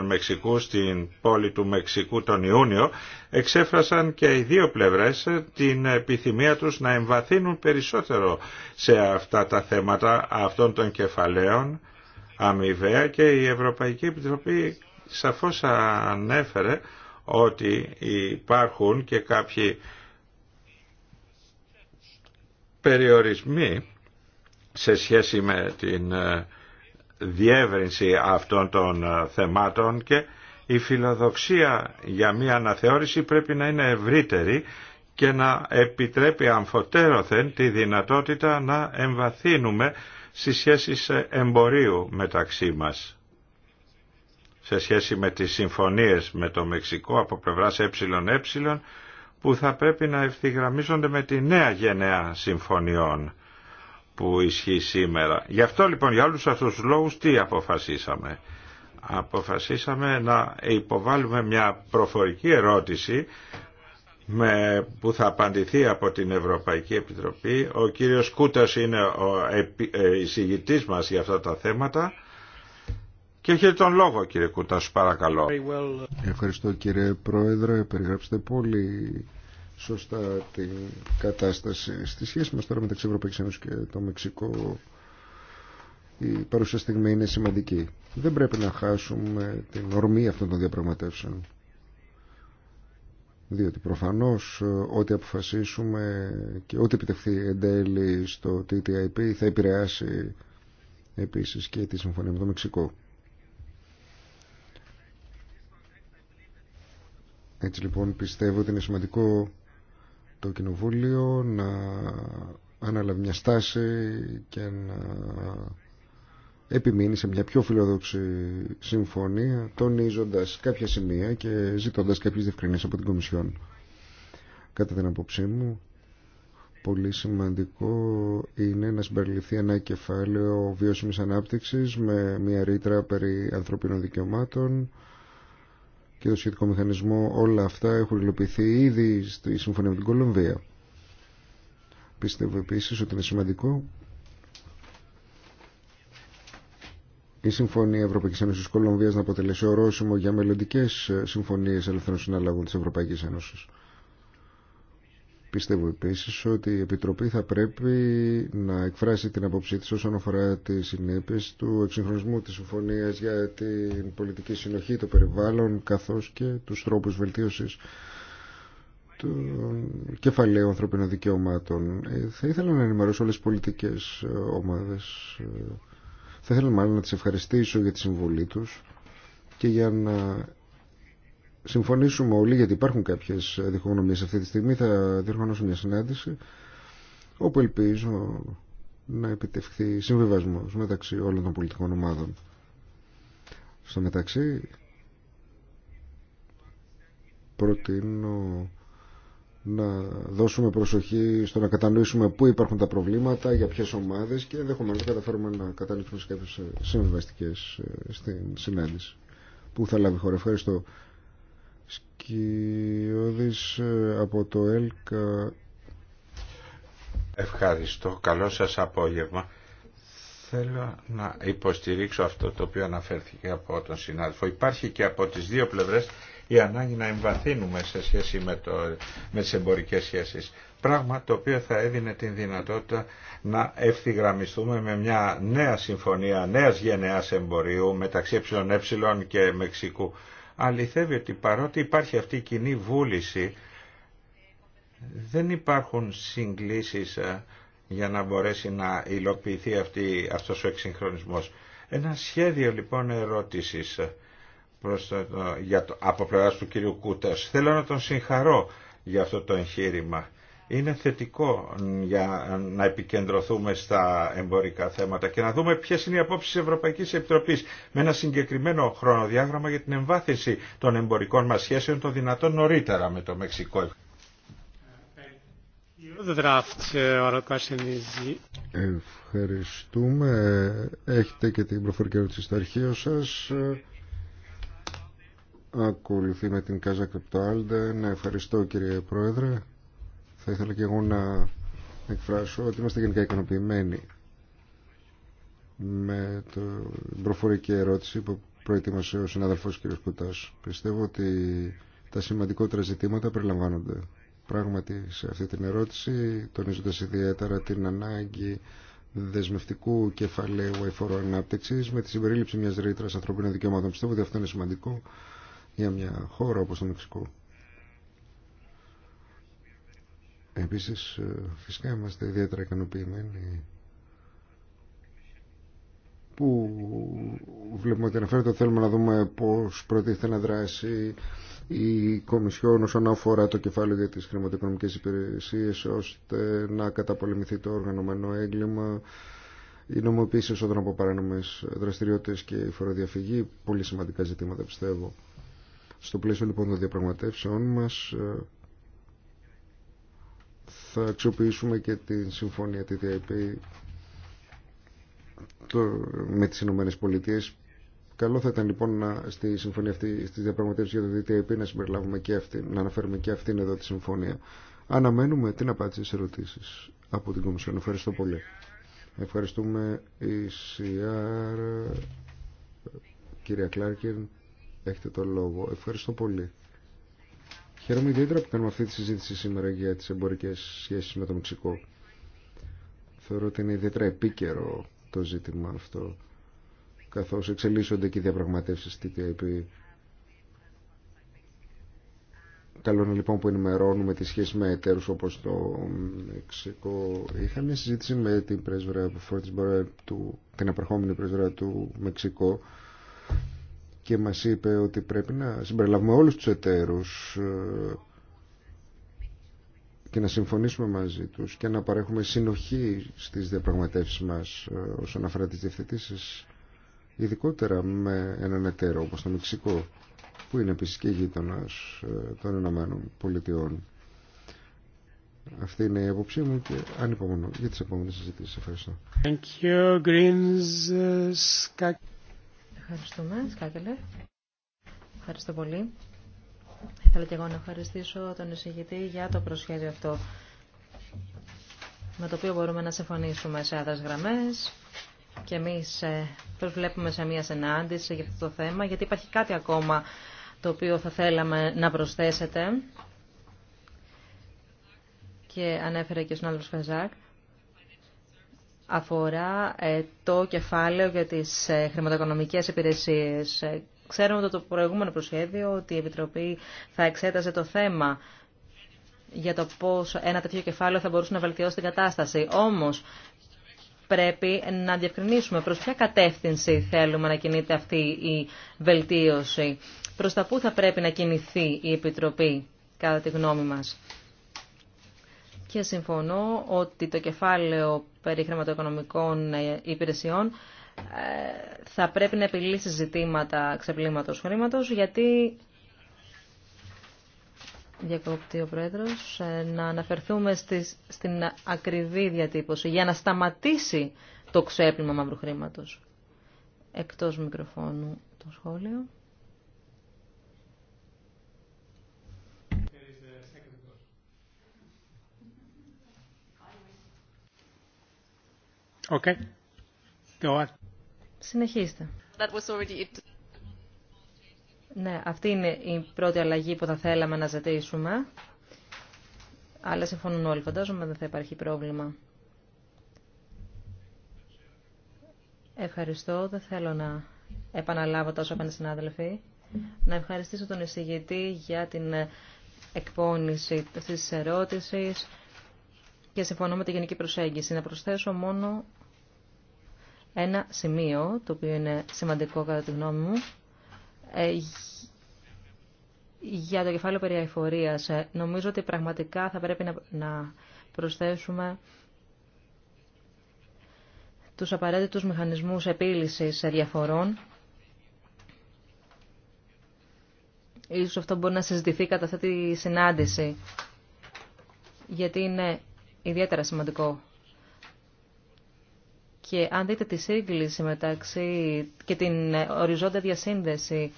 Μεξικού στην πόλη του Μεξικού τον Ιούνιο εξέφρασαν και οι δύο πλευρές την επιθυμία τους να εμβαθύνουν περισσότερο σε αυτά τα θέματα αυτών των κεφαλαίων αμοιβαία και η Ευρωπαϊκή Επιτροπή σαφώς ανέφερε ότι υπάρχουν και κάποιοι περιορισμοί σε σχέση με την ε, διεύρυνση αυτών των ε, θεμάτων και η φιλοδοξία για μια αναθεώρηση πρέπει να είναι ευρύτερη και να επιτρέπει αμφωτέρωθεν τη δυνατότητα να εμβαθύνουμε στις σχέσεις εμπορίου μεταξύ μας σε σχέση με τις συμφωνίες με το Μεξικό από πλευράς ΕΕ που θα πρέπει να ευθυγραμμίζονται με τη νέα γενναία συμφωνιών που ισχύει σήμερα. Γι' αυτό λοιπόν για όλους αυτούς τους λόγους τι αποφασίσαμε. Αποφασίσαμε να υποβάλουμε μια προφορική ερώτηση με, που θα απαντηθεί από την Ευρωπαϊκή Επιτροπή. Ο κύριος Κούτας είναι ο ε, εισηγητής μας για αυτά τα θέματα. Και έχει τον λόγο κύριε Κούτα, παρακαλώ. Ευχαριστώ κύριε Πρόεδρε, περιγράψτε πολύ σωστά την κατάσταση. Στη σχέση μας τώρα μεταξύ Ευρωπαϊκής Ένωσης και το Μεξικό η παρουσία στιγμή είναι σημαντική. Δεν πρέπει να χάσουμε την ορμή αυτών των διαπραγματεύσεων. Διότι προφανώς ό,τι αποφασίσουμε και ό,τι επιτευχθεί εν τέλει στο TTIP θα επηρεάσει επίσης και τη συμφωνία με το Μεξικό. Έτσι λοιπόν πιστεύω ότι είναι σημαντικό το Κοινοβούλιο να αναλάβει μια στάση και να επιμείνει σε μια πιο φιλοδόξη συμφωνία τονίζοντας κάποια σημεία και ζητώντας κάποιες διευκρινήσεις από την Κομισιόν. Κατά την απόψή μου, πολύ σημαντικό είναι να συμπεριληφθεί ένα κεφάλαιο βιώσιμης ανάπτυξης με μια ρήτρα περί ανθρωπίνων δικαιωμάτων και το σχετικό μηχανισμό, όλα αυτά έχουν υλοποιηθεί ήδη στη Συμφωνία με την Κολομβία. Πιστεύω επίσης ότι είναι σημαντικό η Συμφωνία Ευρωπαϊκής Ένωσης Κολομβίας να αποτελέσει ορόσημο για μελλοντικές συμφωνίες ελεύθερων συναλλαγών τη Ευρωπαϊκή Ένωση. Πιστεύω επίσης ότι η Επιτροπή θα πρέπει να εκφράσει την απόψή της όσον αφορά τις συνέπειες του εξυγχρονισμού της συμφωνίας για την πολιτική συνοχή, των περιβάλλον καθώς και τους τρόπους βελτίωσης των κεφαλαίων ανθρωπίνων δικαιωμάτων. Ε, θα ήθελα να ενημερώσω όλες τις πολιτικές ε, ομάδες. Ε, θα ήθελα μάλλον να τις ευχαριστήσω για τη συμβολή τους και για να συμφωνήσουμε όλοι, γιατί υπάρχουν κάποιες διχογνωμίε αυτή τη στιγμή, θα διοργανώσω μια συνάντηση, όπου ελπίζω να επιτευχθεί συμβιβασμό μεταξύ όλων των πολιτικών ομάδων. Στο μεταξύ, προτείνω να δώσουμε προσοχή στο να κατανοήσουμε πού υπάρχουν τα προβλήματα, για ποιες ομάδες και ενδεχομένω να καταφέρουμε να καταλήξουμε σε κάποιες συμβιβαστικές ε, στην συνάντηση που θα λάβει χώρα. Ευχαριστώ. Ε, από το ΕΛΚΑ. Ευχαριστώ. Καλό σας απόγευμα. Θέλω να υποστηρίξω αυτό το οποίο αναφέρθηκε από τον συνάδελφο. Υπάρχει και από τις δύο πλευρές η ανάγκη να εμβαθύνουμε σε σχέση με, το, με τις εμπορικές σχέσεις. Πράγμα το οποίο θα έδινε την δυνατότητα να ευθυγραμμιστούμε με μια νέα συμφωνία νέας γενεάς εμπορίου μεταξύ ΕΕ και Μεξικού αληθεύει ότι παρότι υπάρχει αυτή η κοινή βούληση, δεν υπάρχουν συγκλήσεις ε, για να μπορέσει να υλοποιηθεί αυτή, αυτός ο εξυγχρονισμός. Ένα σχέδιο λοιπόν ερώτησης ε, προς το, το, από πλευράς του κύριου Κούτας. Θέλω να τον συγχαρώ για αυτό το εγχείρημα είναι θετικό για να επικεντρωθούμε στα εμπορικά θέματα και να δούμε ποιε είναι οι απόψει τη Ευρωπαϊκή Επιτροπή με ένα συγκεκριμένο χρονοδιάγραμμα για την εμβάθυνση των εμπορικών μα σχέσεων το δυνατόν νωρίτερα με το Μεξικό. Ευχαριστούμε. Έχετε και την προφορική ερώτηση στο αρχείο σας. Ακολουθεί με την Κάζα ναι, Κρυπτοάλντε. ευχαριστώ κύριε Πρόεδρε. Θα ήθελα και εγώ να εκφράσω ότι είμαστε γενικά ικανοποιημένοι με την προφορική ερώτηση που προετοίμασε ο συνάδελφος κ. Κουτάς. Πιστεύω ότι τα σημαντικότερα ζητήματα περιλαμβάνονται. Πράγματι σε αυτή την ερώτηση τονίζοντας ιδιαίτερα την ανάγκη δεσμευτικού κεφαλαίου αηφόρου ανάπτυξη με τη συμπερίληψη μιας ρήτρας ανθρωπίνων δικαιωμάτων. Πιστεύω ότι αυτό είναι σημαντικό για μια χώρα όπω το Μεξικό. Επίσης ε, φυσικά είμαστε ιδιαίτερα ικανοποιημένοι που βλέπουμε ότι αναφέρεται ότι θέλουμε να δούμε πώς προτίθεται να δράσει η Κομισιόν όσον αφορά το κεφάλαιο για τις χρηματοοικονομικές υπηρεσίες ώστε να καταπολεμηθεί το οργανωμένο έγκλημα η νομοποίηση εσόδων από παράνομες δραστηριότητες και η φοροδιαφυγή πολύ σημαντικά ζητήματα πιστεύω στο πλαίσιο λοιπόν των διαπραγματεύσεών μας ε, θα αξιοποιήσουμε και τη συμφωνία TTIP με τις Ηνωμένε Πολιτείε. Καλό θα ήταν λοιπόν να, στη συμφωνία αυτή, στις διαπραγματεύσεις για το TTIP, να συμπεριλάβουμε και αυτή, να αναφέρουμε και αυτήν εδώ τη συμφωνία. Αναμένουμε την απάντηση στις ερωτήσεις από την Κομισιόν. Ευχαριστώ πολύ. Ευχαριστούμε η ΣΥΑΡ. Κυρία Κλάρκιν, έχετε το λόγο. Ευχαριστώ πολύ. Χαίρομαι ιδιαίτερα που κάνουμε αυτή τη συζήτηση σήμερα για τις εμπορικές σχέσεις με το Μεξικό. Θεωρώ ότι είναι ιδιαίτερα επίκαιρο το ζήτημα αυτό, καθώς εξελίσσονται και οι διαπραγματεύσεις TTIP. Καλό είναι λοιπόν που ενημερώνουμε τις σχέσεις με εταίρους όπως το Μεξικό. Είχα μια συζήτηση με την πρέσβερα του, την απερχόμενη πρέσβερα του Μεξικό και μας είπε ότι πρέπει να συμπεριλαμβούμε όλους τους εταίρους ε, και να συμφωνήσουμε μαζί τους και να παρέχουμε συνοχή στις διαπραγματεύσεις μας ε, όσον αφορά τις διευθετήσεις ειδικότερα με έναν εταίρο όπως το Μεξικό που είναι επίσης και γείτονα ε, των Ηνωμένων Πολιτειών. Αυτή είναι η απόψή μου και ανυπομονώ για τις επόμενες συζητήσεις. Ευχαριστώ. Thank you, Ευχαριστούμε, Σκάκελε. Ευχαριστώ πολύ. Θέλω και εγώ να ευχαριστήσω τον εισηγητή για το προσχέδιο αυτό με το οποίο μπορούμε να συμφωνήσουμε σε άλλες γραμμές και εμείς ε, προσβλέπουμε σε μία συνάντηση για αυτό το θέμα γιατί υπάρχει κάτι ακόμα το οποίο θα θέλαμε να προσθέσετε και ανέφερε και ο άλλο Φεζάκ αφορά ε, το κεφάλαιο για τις ε, χρηματοοικονομικές υπηρεσίες. Ε, ξέρουμε το προηγούμενο προσχέδιο ότι η Επιτροπή θα εξέταζε το θέμα για το πώς ένα τέτοιο κεφάλαιο θα μπορούσε να βελτιώσει την κατάσταση. Όμως, πρέπει να διευκρινίσουμε προς ποια κατεύθυνση θέλουμε να κινείται αυτή η βελτίωση. Προς τα πού θα πρέπει να κινηθεί η Επιτροπή, κατά τη γνώμη μας και συμφωνώ ότι το κεφάλαιο περί χρηματοοικονομικών ε, υπηρεσιών ε, θα πρέπει να επιλύσει ζητήματα ξεπλήματος χρήματος γιατί διακόπτει ο Πρόεδρος, ε, να αναφερθούμε στις, στην ακριβή διατύπωση για να σταματήσει το ξέπλυμα μαύρου χρήματος. Εκτός μικροφώνου το σχόλιο. Okay. Συνεχίστε. Ναι, αυτή είναι η πρώτη αλλαγή που θα θέλαμε να ζητήσουμε. Αλλά συμφωνούν όλοι, φαντάζομαι δεν θα υπάρχει πρόβλημα. Ευχαριστώ. Δεν θέλω να επαναλάβω τόσο, όσα συνάδελφοι. Να ευχαριστήσω τον εισηγητή για την εκπόνηση της ερώτησης και συμφωνώ με τη γενική προσέγγιση. Να προσθέσω μόνο ένα σημείο, το οποίο είναι σημαντικό κατά τη γνώμη μου, ε, για το κεφάλαιο περί ε, Νομίζω ότι πραγματικά θα πρέπει να προσθέσουμε τους απαραίτητους μηχανισμούς επίλυσης διαφορών. Ίσως αυτό μπορεί να συζητηθεί κατά αυτή τη συνάντηση, γιατί είναι ιδιαίτερα σημαντικό. Και αν δείτε τη σύγκληση μεταξύ και την οριζόντια διασύνδεση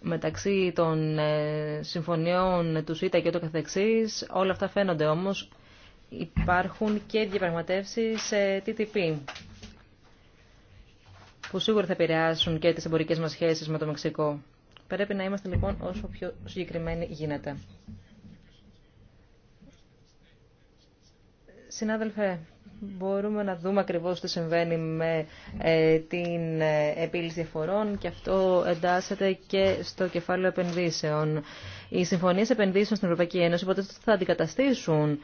μεταξύ των ε, συμφωνιών του ΣΥΤΑ και το καθεξής, όλα αυτά φαίνονται όμως. Υπάρχουν και διαπραγματεύσεις σε TTP που σίγουρα θα επηρεάσουν και τις εμπορικές μας σχέσεις με το Μεξικό. Πρέπει να είμαστε λοιπόν όσο πιο συγκεκριμένοι γίνεται. Συνάδελφε, μπορούμε να δούμε ακριβώς τι συμβαίνει με ε, την ε, επίλυση διαφορών και αυτό εντάσσεται και στο κεφάλαιο επενδύσεων. Οι συμφωνίες επενδύσεων στην Ευρωπαϊκή Ένωση ποτέ θα αντικαταστήσουν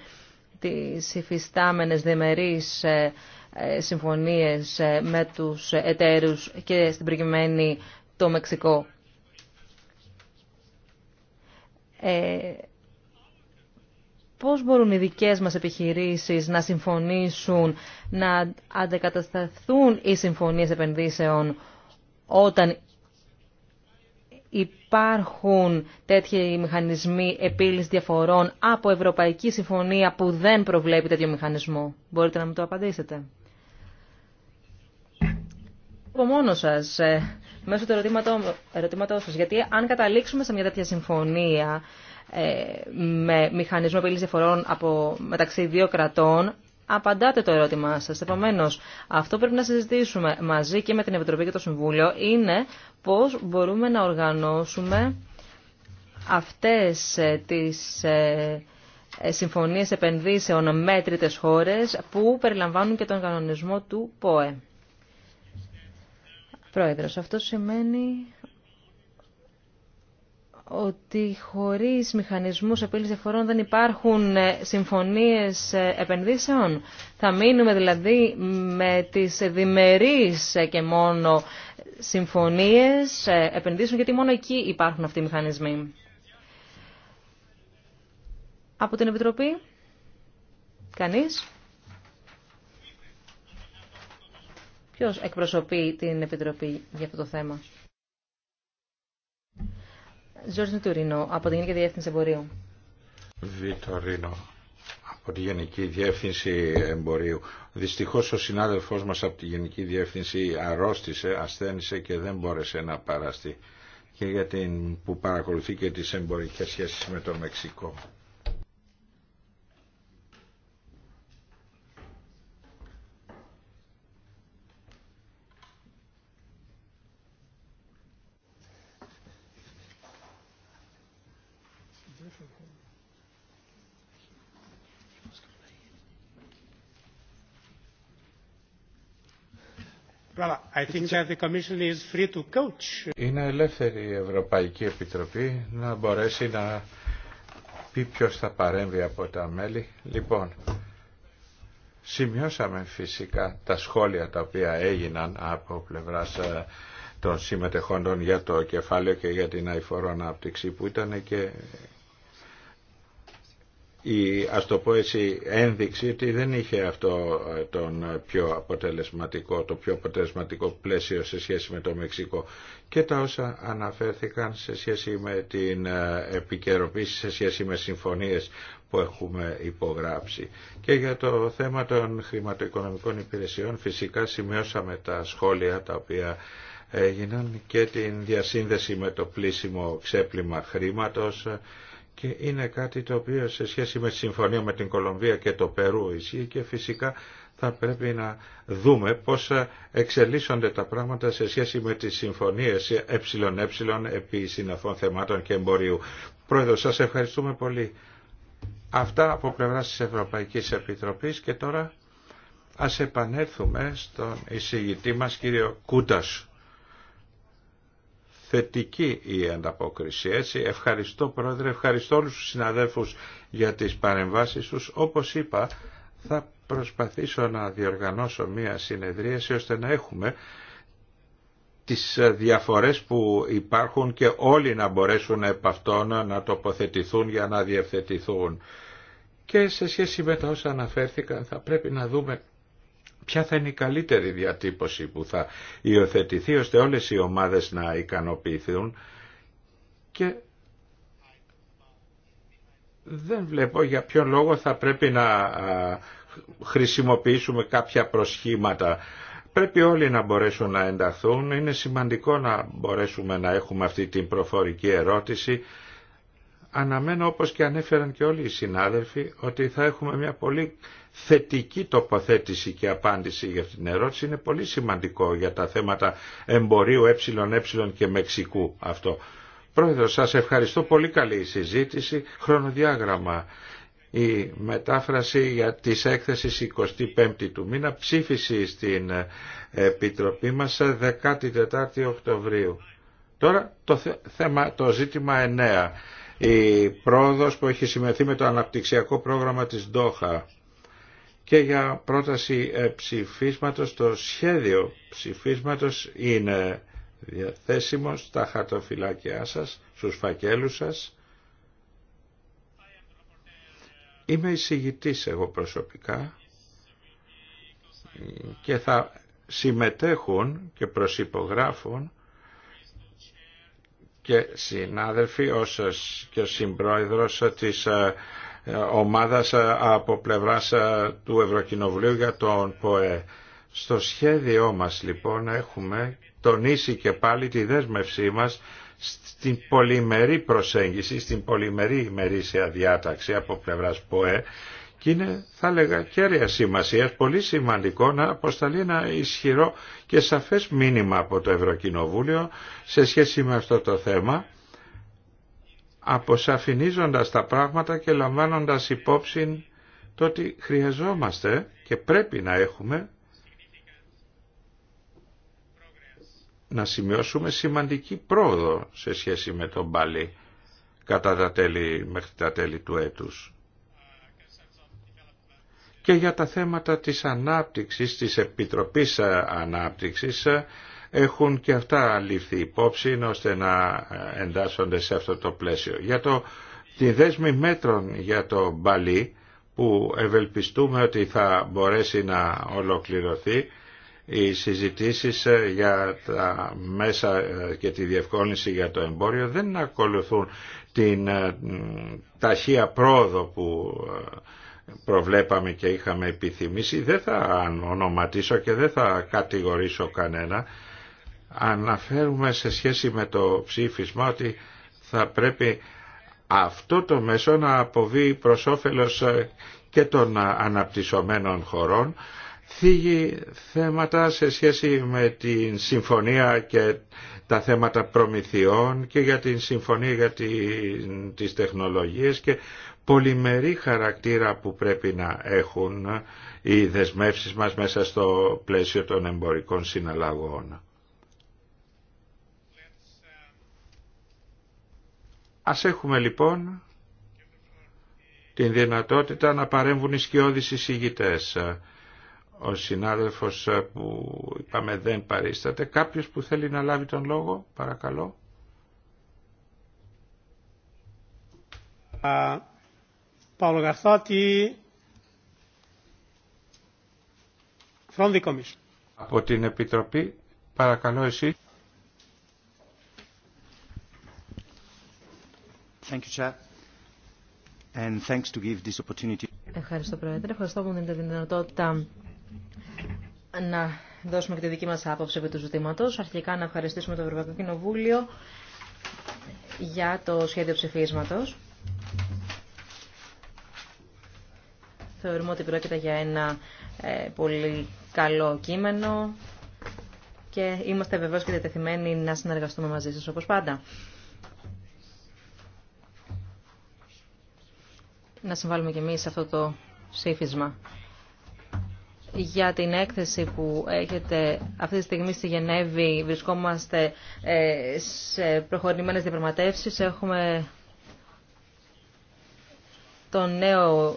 τις υφιστάμενες διμερείς ε, συμφωνίες με τους εταίρους και στην προκειμένη το Μεξικό πώς μπορούν οι δικές μας επιχειρήσεις να συμφωνήσουν, να αντεκατασταθούν οι συμφωνίες επενδύσεων όταν υπάρχουν τέτοιοι μηχανισμοί επίλυσης διαφορών από Ευρωπαϊκή Συμφωνία που δεν προβλέπει τέτοιο μηχανισμό. Μπορείτε να μου το απαντήσετε. Από μόνο σας, ε, μέσω του ερωτήματός σας, γιατί αν καταλήξουμε σε μια τέτοια συμφωνία, ε, με μηχανισμό επίλυση διαφορών από, μεταξύ δύο κρατών, απαντάτε το ερώτημά σας. Επομένω, αυτό πρέπει να συζητήσουμε μαζί και με την Ευρωπαϊκή και το Συμβούλιο είναι πώς μπορούμε να οργανώσουμε αυτές ε, τις ε, συμφωνίες επενδύσεων με τρίτες χώρες που περιλαμβάνουν και τον κανονισμό του ΠΟΕ. Πρόεδρος, αυτό σημαίνει ότι χωρίς μηχανισμούς επίλυσης διαφορών δεν υπάρχουν ε, συμφωνίες ε, επενδύσεων. Θα μείνουμε δηλαδή με τις διμερείς ε, και μόνο συμφωνίες επενδύσεων, γιατί μόνο εκεί υπάρχουν αυτοί οι μηχανισμοί. Από την Επιτροπή, κανείς. Ποιος εκπροσωπεί την Επιτροπή για αυτό το θέμα. Ζόρις Τουρίνο, από την Γενική Διεύθυνση Εμπορίου. Βιτορίνο, από τη Γενική Διεύθυνση Εμπορίου. Δυστυχώ, ο συνάδελφός μα από τη Γενική Διεύθυνση αρρώστησε, ασθένησε και δεν μπόρεσε να παραστεί και για την που παρακολουθεί και τις εμπορικές σχέσεις με το Μεξικό. Είναι ελεύθερη η Ευρωπαϊκή Επιτροπή να μπορέσει να πει ποιος θα παρέμβει από τα μέλη. Λοιπόν, σημειώσαμε φυσικά τα σχόλια τα οποία έγιναν από πλευράς ε, των συμμετεχόντων για το κεφάλαιο και για την αηφορό ανάπτυξη που ήταν και η ας το πω έτσι ένδειξη ότι δεν είχε αυτό ε, τον πιο αποτελεσματικό, το πιο αποτελεσματικό πλαίσιο σε σχέση με το Μεξικό και τα όσα αναφέρθηκαν σε σχέση με την ε, επικαιροποίηση, σε σχέση με συμφωνίες που έχουμε υπογράψει. Και για το θέμα των χρηματοοικονομικών υπηρεσιών φυσικά σημειώσαμε τα σχόλια τα οποία έγιναν και την διασύνδεση με το πλήσιμο ξέπλυμα χρήματος και είναι κάτι το οποίο σε σχέση με τη συμφωνία με την Κολομβία και το Περού ισχύει και φυσικά θα πρέπει να δούμε πώς εξελίσσονται τα πράγματα σε σχέση με τις συμφωνίες ΕΕ επί συναφών θεμάτων και εμπορίου. Πρόεδρο, σας ευχαριστούμε πολύ. Αυτά από πλευράς της Ευρωπαϊκής Επιτροπής και τώρα ας επανέλθουμε στον εισηγητή μας κύριο Κούτας θετική η ανταπόκριση. Έτσι, ευχαριστώ Πρόεδρε, ευχαριστώ όλους τους συναδέλφους για τις παρεμβάσεις τους. Όπως είπα, θα προσπαθήσω να διοργανώσω μία συνεδρίαση ώστε να έχουμε τις διαφορές που υπάρχουν και όλοι να μπορέσουν επ' αυτών να τοποθετηθούν για να διευθετηθούν. Και σε σχέση με τα όσα αναφέρθηκαν θα πρέπει να δούμε ποια θα είναι η καλύτερη διατύπωση που θα υιοθετηθεί ώστε όλες οι ομάδες να ικανοποιηθούν και δεν βλέπω για ποιον λόγο θα πρέπει να χρησιμοποιήσουμε κάποια προσχήματα. Πρέπει όλοι να μπορέσουν να ενταχθούν. Είναι σημαντικό να μπορέσουμε να έχουμε αυτή την προφορική ερώτηση αναμένω όπως και ανέφεραν και όλοι οι συνάδελφοι ότι θα έχουμε μια πολύ θετική τοποθέτηση και απάντηση για αυτήν την ερώτηση. Είναι πολύ σημαντικό για τα θέματα εμπορίου ΕΕ και Μεξικού αυτό. Πρόεδρο, σας ευχαριστώ πολύ καλή η συζήτηση. Χρονοδιάγραμμα. Η μετάφραση για τις έκθεσεις 25η του μήνα ψήφιση στην Επιτροπή μας 14η Οκτωβρίου. Τώρα το θέμα, το ζήτημα 9 η πρόοδος που έχει συμμεθεί με το αναπτυξιακό πρόγραμμα της Ντόχα και για πρόταση ε, ψηφίσματος το σχέδιο ψηφίσματος είναι διαθέσιμο στα χαρτοφυλάκια σας, στους φακέλους σας. Είμαι εισηγητής εγώ προσωπικά και θα συμμετέχουν και προσυπογράφουν και συνάδελφοι ως και συμπρόεδρος της ε, ομάδας ε, από πλευράς ε, του Ευρωκοινοβουλίου για τον ΠΟΕ. Στο σχέδιό μας λοιπόν έχουμε τονίσει και πάλι τη δέσμευσή μας στην πολυμερή προσέγγιση, στην πολυμερή ημερήσια διάταξη από πλευράς ΠΟΕ και είναι, θα έλεγα, κέρια σημασία, πολύ σημαντικό να αποσταλεί ένα ισχυρό και σαφές μήνυμα από το Ευρωκοινοβούλιο σε σχέση με αυτό το θέμα, αποσαφηνίζοντας τα πράγματα και λαμβάνοντας υπόψη το ότι χρειαζόμαστε και πρέπει να έχουμε να σημειώσουμε σημαντική πρόοδο σε σχέση με τον Μπαλί κατά τα τέλη, μέχρι τα τέλη του έτους και για τα θέματα της ανάπτυξης, της Επιτροπής ε, Ανάπτυξης ε, έχουν και αυτά ληφθεί υπόψη ώστε να ε, εντάσσονται σε αυτό το πλαίσιο. Για το, τη δέσμη μέτρων για το Μπαλί που ευελπιστούμε ότι θα μπορέσει να ολοκληρωθεί οι συζητήσεις για τα μέσα και τη διευκόλυνση για το εμπόριο δεν ακολουθούν την ταχεία πρόοδο που προβλέπαμε και είχαμε επιθυμήσει, δεν θα ονοματίσω και δεν θα κατηγορήσω κανένα. Αναφέρουμε σε σχέση με το ψήφισμα ότι θα πρέπει αυτό το μέσο να αποβεί προς όφελος ε, και των ε, αναπτυσσομένων χωρών, θίγει θέματα σε σχέση με την συμφωνία και τα θέματα προμηθειών και για την συμφωνία για την, τις τεχνολογίες και πολυμερή χαρακτήρα που πρέπει να έχουν οι δεσμεύσεις μας μέσα στο πλαίσιο των εμπορικών συναλλαγών. Ας έχουμε λοιπόν την δυνατότητα να παρέμβουν οι σκιώδεις εισηγητές. Ο συνάδελφος που είπαμε δεν παρίσταται. Κάποιος που θέλει να λάβει τον λόγο, παρακαλώ. Παύλο Γαρθάτη, Από την Επιτροπή, παρακαλώ εσύ. Ευχαριστώ, Πρόεδρε. Ευχαριστώ που μου δίνετε τη δυνατότητα να δώσουμε και τη δική μας άποψη επί του ζητήματος. Αρχικά να ευχαριστήσουμε το Ευρωπαϊκό Κοινοβούλιο για το σχέδιο ψηφίσματος. Θεωρούμε ότι πρόκειται για ένα ε, πολύ καλό κείμενο και είμαστε βεβαίως και διατεθειμένοι να συνεργαστούμε μαζί σας όπως πάντα. Να συμβάλλουμε και εμείς σε αυτό το ψήφισμα. Για την έκθεση που έχετε αυτή τη στιγμή στη Γενέβη βρισκόμαστε ε, σε προχωρημένες διαπραγματεύσεις. Έχουμε τον νέο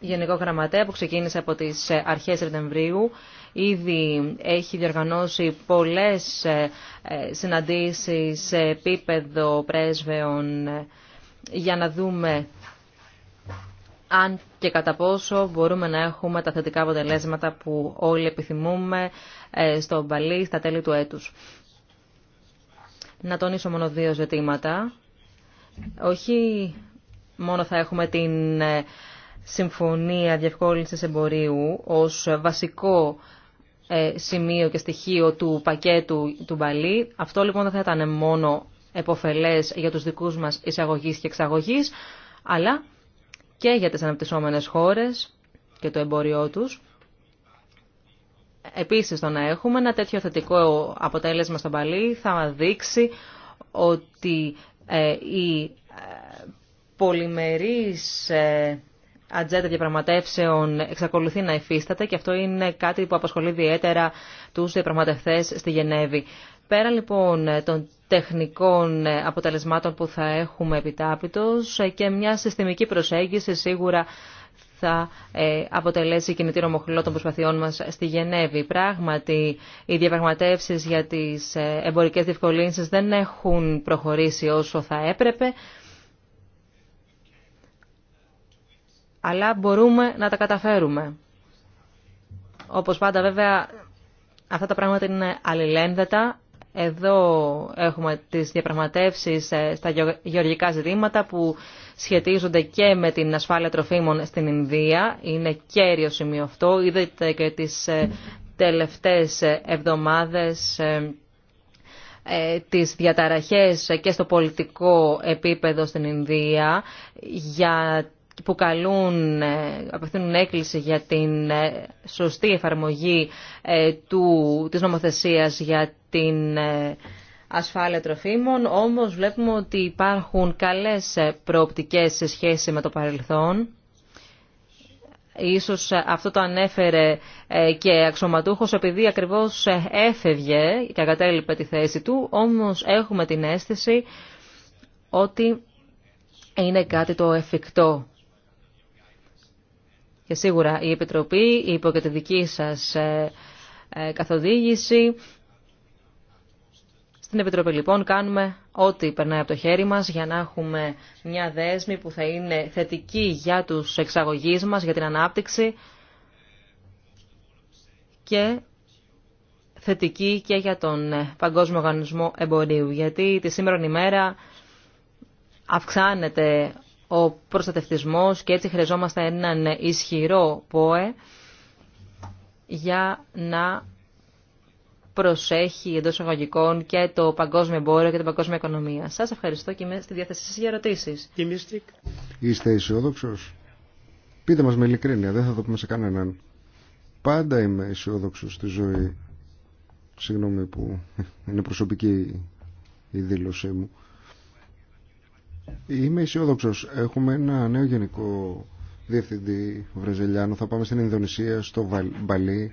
Γενικό Γραμματέα που ξεκίνησε από τις ε, αρχές Σεπτεμβρίου. Ήδη έχει διοργανώσει πολλές ε, ε, συναντήσεις σε επίπεδο πρέσβεων για να δούμε αν και κατά πόσο μπορούμε να έχουμε τα θετικά αποτελέσματα που όλοι επιθυμούμε στο Μπαλί στα τέλη του έτους. Να τονίσω μόνο δύο ζητήματα. Όχι μόνο θα έχουμε την Συμφωνία Διευκόλυνσης Εμπορίου ως βασικό ε, σημείο και στοιχείο του πακέτου του Μπαλί. Αυτό λοιπόν δεν θα ήταν μόνο εποφελές για τους δικούς μας εισαγωγής και εξαγωγής, αλλά και για τις αναπτυσσόμενες χώρες και το εμπόριό τους. Επίσης το να έχουμε ένα τέτοιο θετικό αποτέλεσμα στο Παλί θα δείξει ότι ε, η ε, πολυμερής ατζέντα διαπραγματεύσεων εξακολουθεί να υφίσταται και αυτό είναι κάτι που απασχολεί ιδιαίτερα τους διαπραγματευτές στη Γενέβη. Πέρα λοιπόν των τεχνικών αποτελεσμάτων που θα έχουμε επιτάπητος και μια συστημική προσέγγιση σίγουρα θα ε, αποτελέσει κινητήρο μοχλό των προσπαθειών μας στη Γενέβη. Πράγματι, οι διαπραγματεύσεις για τις ε, εμπορικές διευκολύνσεις δεν έχουν προχωρήσει όσο θα έπρεπε. αλλά μπορούμε να τα καταφέρουμε. Όπως πάντα βέβαια αυτά τα πράγματα είναι αλληλένδετα. Εδώ έχουμε τις διαπραγματεύσεις ε, στα γεωργικά ζητήματα που σχετίζονται και με την ασφάλεια τροφίμων στην Ινδία. Είναι κέριο σημείο αυτό. Είδατε και τις ε, τελευταίες ε, εβδομάδες τις διαταραχές και στο πολιτικό επίπεδο στην Ινδία για που καλούν, ε, απευθύνουν έκκληση για την ε, σωστή εφαρμογή ε, του, της νομοθεσίας για την ασφάλεια τροφίμων, όμως βλέπουμε ότι υπάρχουν καλές προοπτικές σε σχέση με το παρελθόν. Ίσως αυτό το ανέφερε και αξιωματούχος επειδή ακριβώς έφευγε και αγκατέλειπε τη θέση του, όμως έχουμε την αίσθηση ότι είναι κάτι το εφικτό και σίγουρα η Επιτροπή, υπό και τη δική σας ε, ε, καθοδήγηση, στην Επιτροπή λοιπόν κάνουμε ό,τι περνάει από το χέρι μας για να έχουμε μια δέσμη που θα είναι θετική για τους εξαγωγείς μας, για την ανάπτυξη και θετική και για τον ε, Παγκόσμιο Οργανισμό Εμπορίου. Γιατί τη σήμερα ημέρα αυξάνεται ο προστατευτισμός και έτσι χρειαζόμαστε έναν ισχυρό ΠΟΕ για να προσέχει εντό εισαγωγικών και το παγκόσμιο εμπόριο και την παγκόσμια οικονομία. Σα ευχαριστώ και είμαι στη διάθεσή σα για ερωτήσει. Είστε αισιόδοξο. Πείτε μα με ειλικρίνεια, δεν θα το πούμε σε κανέναν. Πάντα είμαι αισιόδοξο στη ζωή. Συγγνώμη που είναι προσωπική η δήλωσή μου. Είμαι αισιόδοξο. Έχουμε ένα νέο γενικό διευθυντή Βραζιλιάνο. Θα πάμε στην Ινδονησία, στο Μπαλί.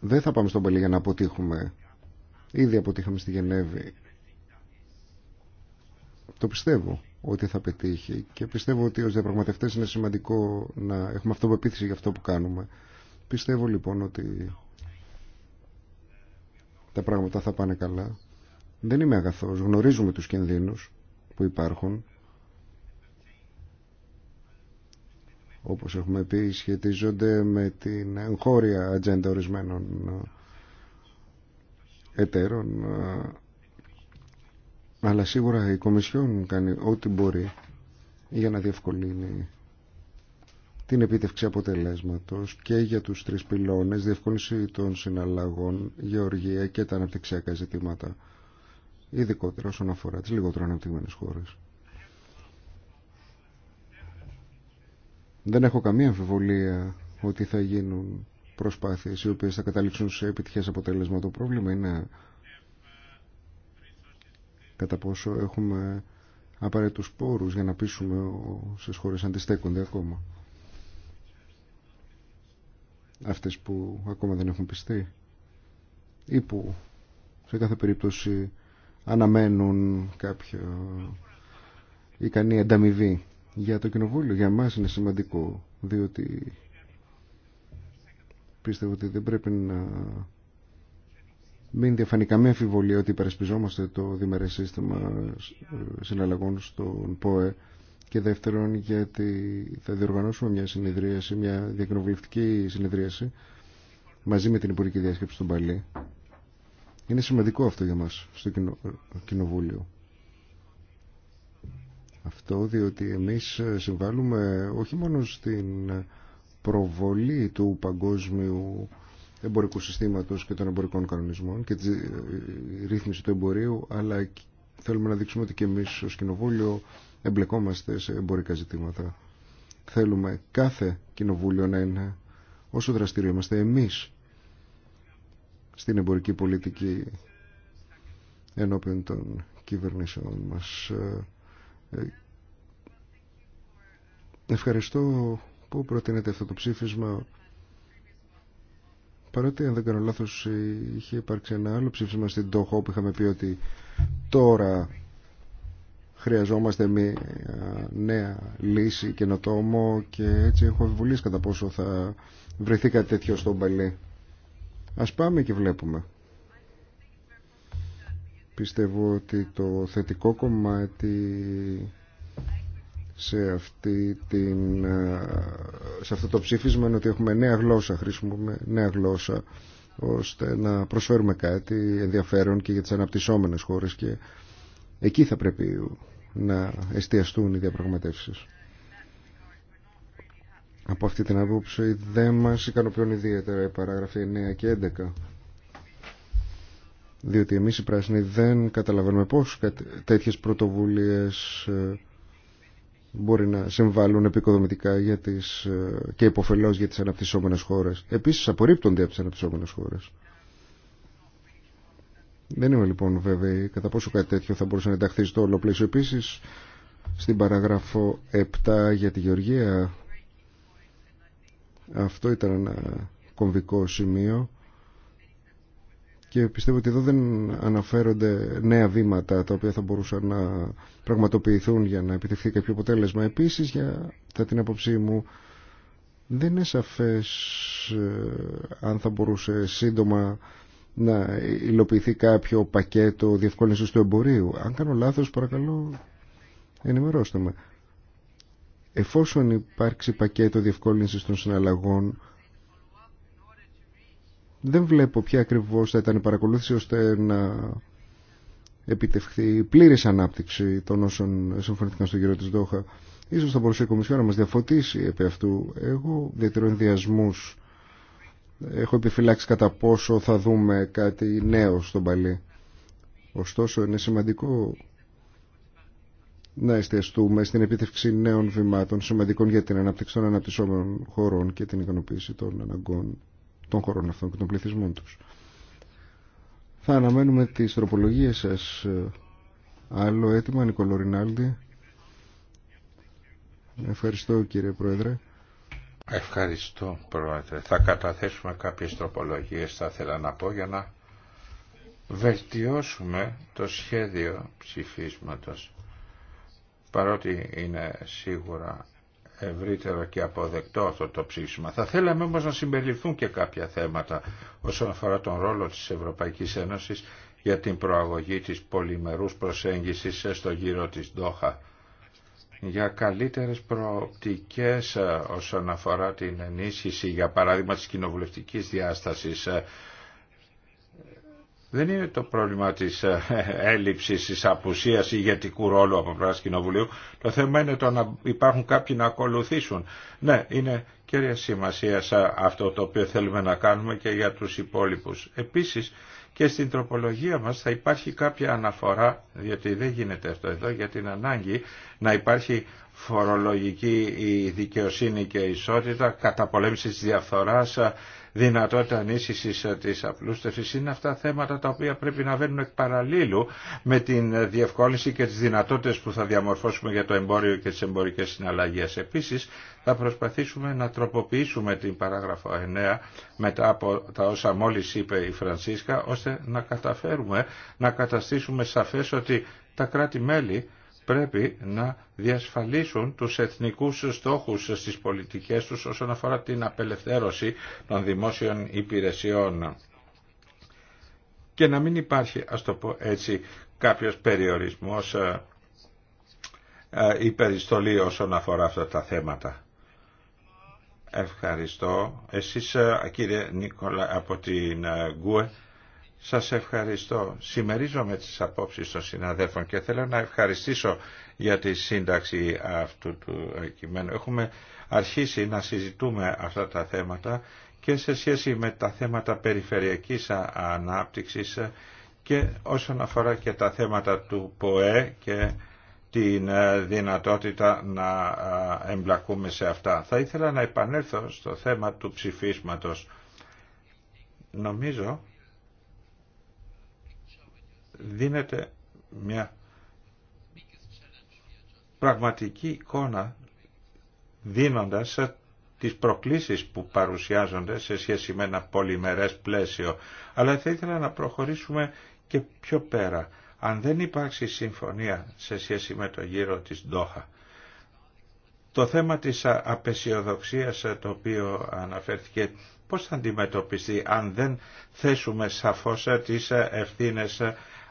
Δεν θα πάμε στο Μπαλί για να αποτύχουμε. Ήδη αποτύχαμε στη Γενέβη. Το πιστεύω ότι θα πετύχει και πιστεύω ότι ως διαπραγματευτές είναι σημαντικό να έχουμε αυτοπεποίθηση για αυτό που κάνουμε. Πιστεύω λοιπόν ότι τα πράγματα θα πάνε καλά. Δεν είμαι αγαθός, γνωρίζουμε τους κινδύνους που υπάρχουν όπως έχουμε πει σχετίζονται με την εγχώρια ατζέντα ορισμένων εταίρων αλλά σίγουρα η Κομισιόν κάνει ό,τι μπορεί για να διευκολύνει την επίτευξη αποτελέσματος και για τους τρεις πυλώνες, διευκόλυνση των συναλλαγών, γεωργία και τα αναπτυξιακά ζητήματα ειδικότερα όσον αφορά τις λιγότερο αναπτυγμένες χώρες. Δεν έχω καμία αμφιβολία ότι θα γίνουν προσπάθειες οι οποίες θα καταλήξουν σε επιτυχές αποτέλεσμα. Το πρόβλημα είναι κατά πόσο έχουμε απαραίτητους πόρους για να πείσουμε σε χώρες αντιστέκονται ακόμα. Αυτές που ακόμα δεν έχουν πιστεί ή που σε κάθε περίπτωση αναμένουν κάποιο ικανή ανταμοιβή για το κοινοβούλιο. Για μας είναι σημαντικό, διότι πίστευω ότι δεν πρέπει να μην διαφανεί καμία αμφιβολία ότι υπερασπιζόμαστε το διμερές σύστημα συναλλαγών στον ΠΟΕ και δεύτερον γιατί θα διοργανώσουμε μια συνεδρίαση, μια διακοινοβουλευτική συνεδρίαση μαζί με την Υπουργική Διάσκεψη στον Παλή είναι σημαντικό αυτό για μας στο Κοινοβούλιο. Αυτό διότι εμείς ε, συμβάλλουμε όχι μόνο στην προβολή του παγκόσμιου εμπορικού συστήματος και των εμπορικών κανονισμών και τη ε, ρύθμιση του εμπορίου, αλλά θέλουμε να δείξουμε ότι και εμείς ως Κοινοβούλιο εμπλεκόμαστε σε εμπορικά ζητήματα. Θέλουμε κάθε Κοινοβούλιο να είναι όσο δραστηριόμαστε εμείς στην εμπορική πολιτική ενώπιον των κυβερνήσεων μας. Ε, ε, ευχαριστώ που προτείνετε αυτό το ψήφισμα. Παρότι αν δεν κάνω λάθος είχε υπάρξει ένα άλλο ψήφισμα στην Τόχο που είχαμε πει ότι τώρα χρειαζόμαστε μια νέα λύση καινοτόμο και έτσι έχω βουλήσει κατά πόσο θα βρεθεί κάτι τέτοιο στον παλί. Ας πάμε και βλέπουμε. Πιστεύω ότι το θετικό κομμάτι σε, αυτή την, σε αυτό το ψήφισμα είναι ότι έχουμε νέα γλώσσα, χρησιμοποιούμε νέα γλώσσα ώστε να προσφέρουμε κάτι ενδιαφέρον και για τις αναπτυσσόμενες χώρες και εκεί θα πρέπει να εστιαστούν οι διαπραγματεύσεις. Από αυτή την άποψη δεν μας ικανοποιούν ιδιαίτερα οι παράγραφοι 9 και 11 διότι εμείς οι πράσινοι δεν καταλαβαίνουμε πώς τέτοιες πρωτοβουλίες ε, μπορεί να συμβάλλουν επικοδομητικά για τις, ε, και υποφελώς για τις αναπτυσσόμενες χώρες. Επίσης απορρίπτονται από τις αναπτυσσόμενες χώρες. Δεν είμαι λοιπόν βέβαιη κατά πόσο κάτι τέτοιο θα μπορούσε να ενταχθεί στο όλο πλαίσιο. Επίσης στην παραγράφο 7 για τη Γεωργία αυτό ήταν ένα κομβικό σημείο και πιστεύω ότι εδώ δεν αναφέρονται νέα βήματα τα οποία θα μπορούσαν να πραγματοποιηθούν για να επιτευχθεί κάποιο αποτέλεσμα. Επίσης, για την απόψή μου, δεν είναι σαφές ε, αν θα μπορούσε σύντομα να υλοποιηθεί κάποιο πακέτο διευκόλυνσης του εμπορίου. Αν κάνω λάθος, παρακαλώ, ενημερώστε με εφόσον υπάρξει πακέτο διευκόλυνσης των συναλλαγών δεν βλέπω ποια ακριβώς θα ήταν η παρακολούθηση ώστε να επιτευχθεί πλήρης ανάπτυξη των όσων συμφωνήθηκαν στο γύρο της Δόχα. Ίσως θα μπορούσε η Κομισιό να μας διαφωτίσει επί αυτού. Εγώ διατηρώ ενδιασμούς. Έχω επιφυλάξει κατά πόσο θα δούμε κάτι νέο στον Παλί. Ωστόσο είναι σημαντικό να εστιαστούμε στην επίτευξη νέων βημάτων σημαντικών για την ανάπτυξη των αναπτυσσόμενων χωρών και την ικανοποίηση των αναγκών των χωρών αυτών και των πληθυσμών τους. Θα αναμένουμε τις τροπολογίες σας. Άλλο έτοιμο, Νικολό Ρινάλντι. Ευχαριστώ κύριε Πρόεδρε. Ευχαριστώ Πρόεδρε. Θα καταθέσουμε κάποιες τροπολογίες θα ήθελα να πω για να βελτιώσουμε το σχέδιο ψηφίσματος παρότι είναι σίγουρα ευρύτερο και αποδεκτό αυτό το ψήφισμα. Θα θέλαμε όμως να συμπεριληφθούν και κάποια θέματα όσον αφορά τον ρόλο της Ευρωπαϊκής Ένωσης για την προαγωγή της πολυμερούς προσέγγισης στο γύρο της Ντόχα για καλύτερες προοπτικές ε, όσον αφορά την ενίσχυση για παράδειγμα της κοινοβουλευτικής διάστασης ε, δεν είναι το πρόβλημα της ε, έλλειψης, της απουσίας ηγετικού ρόλου από πλευρά Κοινοβουλίου. Το θέμα είναι το να υπάρχουν κάποιοι να ακολουθήσουν. Ναι, είναι κέρια σημασία αυτό το οποίο θέλουμε να κάνουμε και για τους υπόλοιπου. Επίσης, και στην τροπολογία μα θα υπάρχει κάποια αναφορά, διότι δεν γίνεται αυτό εδώ, για την ανάγκη να υπάρχει φορολογική η δικαιοσύνη και ισότητα, καταπολέμηση τη διαφθορά δυνατότητα ενίσχυση ε, τη απλούστευσης είναι αυτά θέματα τα οποία πρέπει να βαίνουν εκ παραλίλου με την διευκόλυνση και τις δυνατότητες που θα διαμορφώσουμε για το εμπόριο και τι εμπορικές συναλλαγές. Επίσης θα προσπαθήσουμε να τροποποιήσουμε την παράγραφο 9 μετά από τα όσα μόλις είπε η Φρανσίσκα ώστε να καταφέρουμε να καταστήσουμε σαφέ ότι τα κράτη-μέλη πρέπει να διασφαλίσουν τους εθνικούς στόχους στις πολιτικές τους όσον αφορά την απελευθέρωση των δημόσιων υπηρεσιών και να μην υπάρχει, ας το πω έτσι, κάποιος περιορισμός ή ε, ε, περιστολή όσον αφορά αυτά τα θέματα. Ευχαριστώ. Εσείς ε, κύριε Νίκολα από την ΓΚΟΕ σας ευχαριστώ. Συμμερίζομαι τις απόψεις των συναδέλφων και θέλω να ευχαριστήσω για τη σύνταξη αυτού του κειμένου. Έχουμε αρχίσει να συζητούμε αυτά τα θέματα και σε σχέση με τα θέματα περιφερειακής ανάπτυξης και όσον αφορά και τα θέματα του ΠΟΕ και την ε, δυνατότητα να εμπλακούμε σε αυτά. Θα ήθελα να επανέλθω στο θέμα του ψηφίσματος. Νομίζω δίνεται μια πραγματική εικόνα δίνοντας τις προκλήσεις που παρουσιάζονται σε σχέση με ένα πολυμερές πλαίσιο. Αλλά θα ήθελα να προχωρήσουμε και πιο πέρα. Αν δεν υπάρξει συμφωνία σε σχέση με το γύρο της Ντόχα, το θέμα της απεσιοδοξίας ε, το οποίο αναφέρθηκε πώς θα αντιμετωπιστεί αν δεν θέσουμε σαφώς ε, τις ε, ευθύνες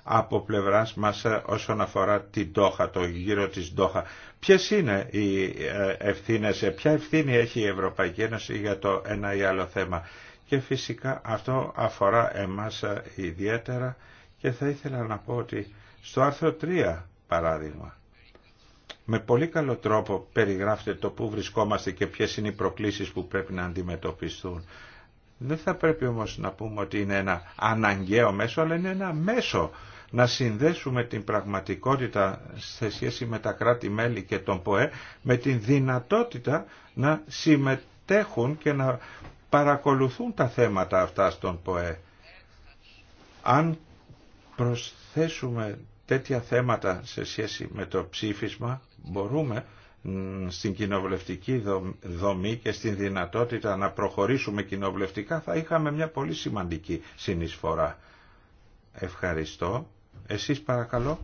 από πλευράς μας ε, όσον αφορά την Τόχα, το γύρο της Τόχα. Ποιες είναι οι ε, ευθύνες, ε, ποια ευθύνη έχει η Ευρωπαϊκή Ένωση για το ένα ή άλλο θέμα. Και φυσικά αυτό αφορά εμάς ιδιαίτερα και θα ήθελα να πω ότι στο άρθρο 3 παράδειγμα με πολύ καλό τρόπο περιγράφεται το πού βρισκόμαστε και ποιες είναι οι προκλήσεις που πρέπει να αντιμετωπιστούν. Δεν θα πρέπει όμως να πούμε ότι είναι ένα αναγκαίο μέσο, αλλά είναι ένα μέσο να συνδέσουμε την πραγματικότητα σε σχέση με τα κράτη-μέλη και τον ΠΟΕ με την δυνατότητα να συμμετέχουν και να παρακολουθούν τα θέματα αυτά στον ΠΟΕ. Αν προσθέσουμε τέτοια θέματα σε σχέση με το ψήφισμα μπορούμε στην κοινοβουλευτική δομή και στην δυνατότητα να προχωρήσουμε κοινοβουλευτικά θα είχαμε μια πολύ σημαντική συνεισφορά. Ευχαριστώ. Εσείς παρακαλώ.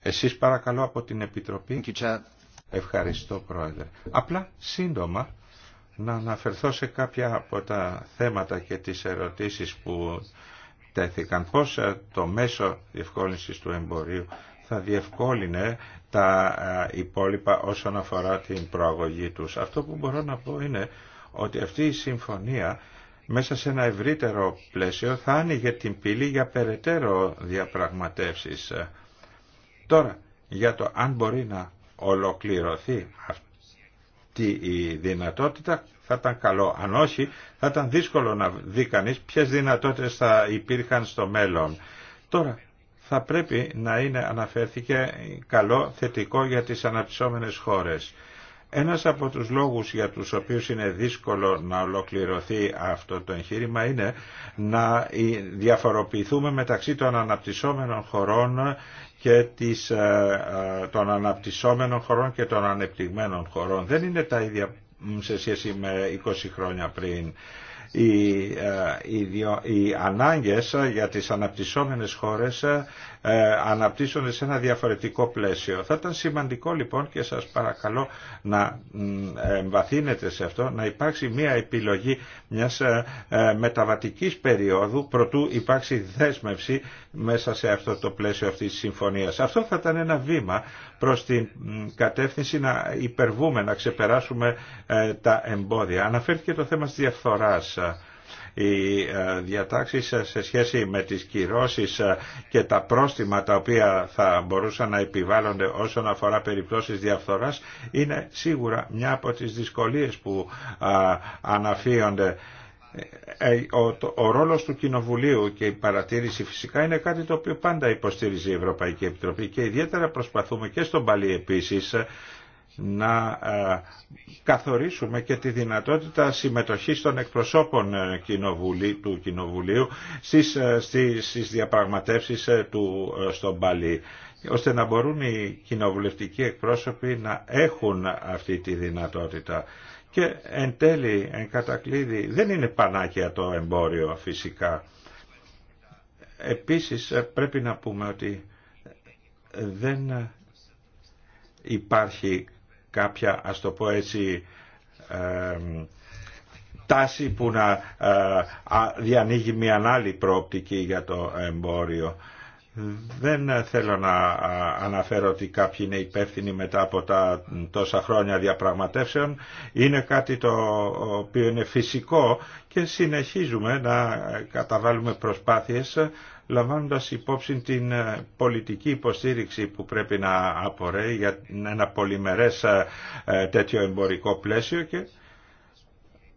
Εσείς παρακαλώ από την Επιτροπή. Ευχαριστώ Πρόεδρε. Απλά σύντομα να αναφερθώ σε κάποια από τα θέματα και τις ερωτήσεις που τέθηκαν. Πώς ε, το μέσο διευκόλυνσης του εμπορίου θα διευκόλυνε τα ε, υπόλοιπα όσον αφορά την προαγωγή τους. Αυτό που μπορώ να πω είναι ότι αυτή η συμφωνία μέσα σε ένα ευρύτερο πλαίσιο θα άνοιγε την πύλη για περαιτέρω διαπραγματεύσεις. Τώρα, για το αν μπορεί να ολοκληρωθεί αυτή η δυνατότητα θα ήταν καλό. Αν όχι, θα ήταν δύσκολο να δει κανεί ποιε δυνατότητες θα υπήρχαν στο μέλλον. Τώρα, θα πρέπει να είναι, αναφέρθηκε, καλό, θετικό για τις αναπτυσσόμενες χώρες. Ένας από τους λόγους για τους οποίους είναι δύσκολο να ολοκληρωθεί αυτό το εγχείρημα είναι να διαφοροποιηθούμε μεταξύ των αναπτυσσόμενων χωρών και ε, ε, των αναπτυσσόμενων χωρών και των ανεπτυγμένων χωρών. Δεν είναι τα ίδια σε σχέση με 20 χρόνια πριν οι, ε, οι, οι ανάγκες ε, για τις αναπτυσσόμενες χώρες ε, ε, αναπτύσσονται σε ένα διαφορετικό πλαίσιο. Θα ήταν σημαντικό λοιπόν και σας παρακαλώ να εμβαθύνετε σε αυτό, να υπάρξει μια επιλογή μιας ε, ε, μεταβατικής περίοδου προτού υπάρξει δέσμευση μέσα σε αυτό το πλαίσιο αυτής της συμφωνίας. Αυτό θα ήταν ένα βήμα προς την κατεύθυνση να υπερβούμε, να ξεπεράσουμε τα εμπόδια. Αναφέρθηκε το θέμα της διαφθοράς. Οι ε, διατάξεις ε, σε σχέση με τις κυρώσεις ε, και τα πρόστιμα τα οποία θα μπορούσαν να επιβάλλονται όσον αφορά περιπτώσεις διαφθοράς είναι σίγουρα μια από τις δυσκολίες που αναφύονται. Ο, ρόλος του Κοινοβουλίου και η παρατήρηση φυσικά είναι κάτι το οποίο πάντα υποστήριζε η Ευρωπαϊκή Επιτροπή και ιδιαίτερα προσπαθούμε και στον Παλί επίσης να ε, καθορίσουμε και τη δυνατότητα συμμετοχής των εκπροσώπων ε, του Κοινοβουλίου στις, ε, στις, διαπραγματεύσεις του, στον Παλί ώστε να μπορούν οι κοινοβουλευτικοί εκπρόσωποι να έχουν αυτή τη δυνατότητα. Και εν τέλει, εν κατακλείδη, δεν είναι πανάκια το εμπόριο φυσικά. Επίσης πρέπει να πούμε ότι δεν υπάρχει κάποια ας το πω έτσι τάση που να ε, διανοίγει μια άλλη προοπτική για το εμπόριο. Δεν θέλω να αναφέρω ότι κάποιοι είναι υπεύθυνοι μετά από τα τόσα χρόνια διαπραγματεύσεων. Είναι κάτι το οποίο είναι φυσικό και συνεχίζουμε να καταβάλουμε προσπάθειες λαμβάνοντας υπόψη την ε, πολιτική υποστήριξη που πρέπει να απορρέει για ένα πολυμερές ε, ε, τέτοιο εμπορικό πλαίσιο και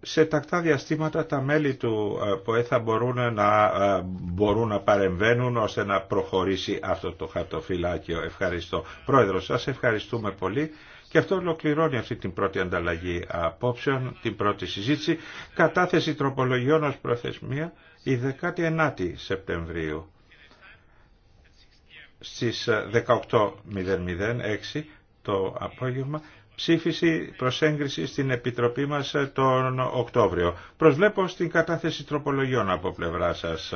σε τακτά διαστήματα τα μέλη του ΠΟΕ θα μπορούν να, μπορούν να παρεμβαίνουν ώστε να προχωρήσει αυτό το χαρτοφυλάκιο. Ευχαριστώ. Πρόεδρο, σας ευχαριστούμε πολύ. Και αυτό ολοκληρώνει αυτή την πρώτη ανταλλαγή απόψεων, την πρώτη συζήτηση. Κατάθεση τροπολογιών ως προθεσμία η 19η Σεπτεμβρίου στις 18.00 το απόγευμα ψήφιση προσέγγιση στην Επιτροπή μας τον Οκτώβριο. Προσβλέπω στην κατάθεση τροπολογιών από πλευρά σας.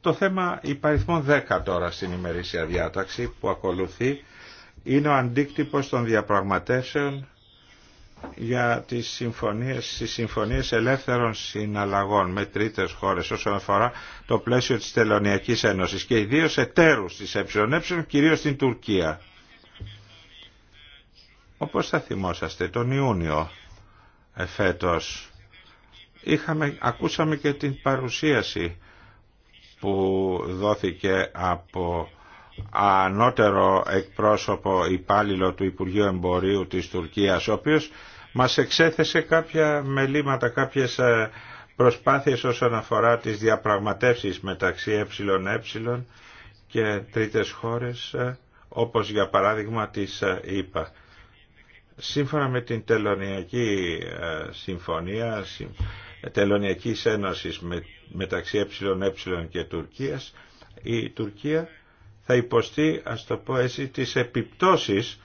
Το θέμα υπαριθμών 10 τώρα στην ημερήσια διάταξη που ακολουθεί είναι ο αντίκτυπος των διαπραγματεύσεων για τις συμφωνίες, τις συμφωνίες ελεύθερων συναλλαγών με τρίτες χώρες όσον αφορά το πλαίσιο της Τελωνιακής Ένωσης και ιδίως εταίρους της ΕΕ, κυρίως στην Τουρκία. Όπως θα θυμόσαστε, τον Ιούνιο εφέτος είχαμε, ακούσαμε και την παρουσίαση που δόθηκε από ανώτερο εκπρόσωπο υπάλληλο του Υπουργείου Εμπορίου της Τουρκίας, ο οποίος μας εξέθεσε κάποια μελήματα, κάποιες ε, προσπάθειες όσον αφορά τις διαπραγματεύσεις μεταξύ ΕΕ και τρίτες χώρες, ε, όπως για παράδειγμα της είπα. Σύμφωνα με την Τελωνιακή Συμφωνία, Τελωνιακής Ένωσης μεταξύ ΕΕ και Τουρκίας, η Τουρκία θα υποστεί, ας το πω έτσι, τις επιπτώσεις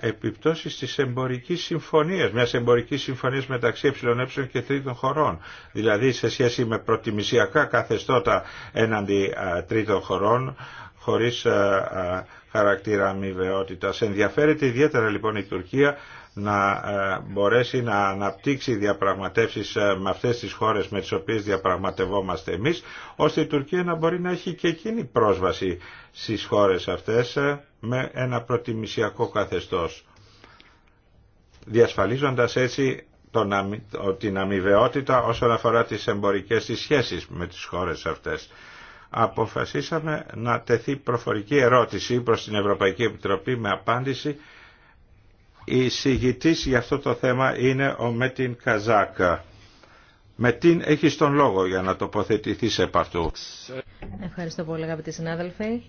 επιπτώσεις της εμπορικής συμφωνίας, μιας εμπορικής συμφωνίας μεταξύ ΕΕ και τρίτων χωρών. Δηλαδή σε σχέση με προτιμησιακά καθεστώτα έναντι τρίτων χωρών, χωρίς χαρακτήρα αμοιβαιότητας. Ενδιαφέρεται ιδιαίτερα λοιπόν η Τουρκία να μπορέσει να αναπτύξει διαπραγματεύσεις με αυτές τις χώρες με τις οποίες διαπραγματευόμαστε εμείς, ώστε η Τουρκία να μπορεί να έχει και εκείνη πρόσβαση στις χώρες αυτές με ένα προτιμησιακό καθεστώς, διασφαλίζοντας έτσι την αμοιβαιότητα όσον αφορά τις εμπορικές της σχέσεις με τις χώρες αυτές. Αποφασίσαμε να τεθεί προφορική ερώτηση προς την Ευρωπαϊκή Επιτροπή με απάντηση η συγητής για αυτό το θέμα είναι ο Μέτιν Καζάκα. Με την έχει τον λόγο για να τοποθετηθεί επ' αυτού. Ευχαριστώ πολύ αγαπητοί συνάδελφοι.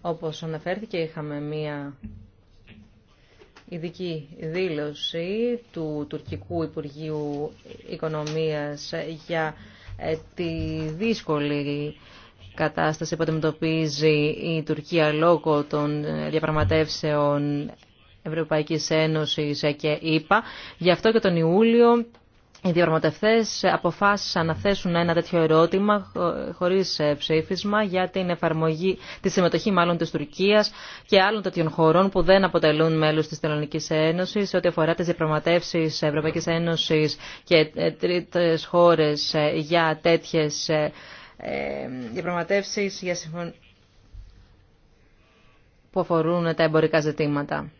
Όπως αναφέρθηκε είχαμε μία ειδική δήλωση του τουρκικού Υπουργείου Οικονομίας για ε, τη δύσκολη κατάσταση που αντιμετωπίζει η Τουρκία λόγω των ε, διαπραγματεύσεων Ευρωπαϊκής Ένωσης και ΕΠΑ. Γι' αυτό και τον Ιούλιο οι διορμοτευτές αποφάσισαν να θέσουν ένα τέτοιο ερώτημα χωρίς ε, ψήφισμα για την εφαρμογή, τη συμμετοχή μάλλον της Τουρκίας και άλλων τέτοιων χωρών που δεν αποτελούν μέλους της Τελωνικής Ένωσης σε ό,τι αφορά τις διαπραγματεύσεις Ευρωπαϊκής Ένωσης και ε, τρίτες χώρες ε, για τέτοιες διαπραγματεύσεις για που αφορούν τα εμπορικά ζητήματα.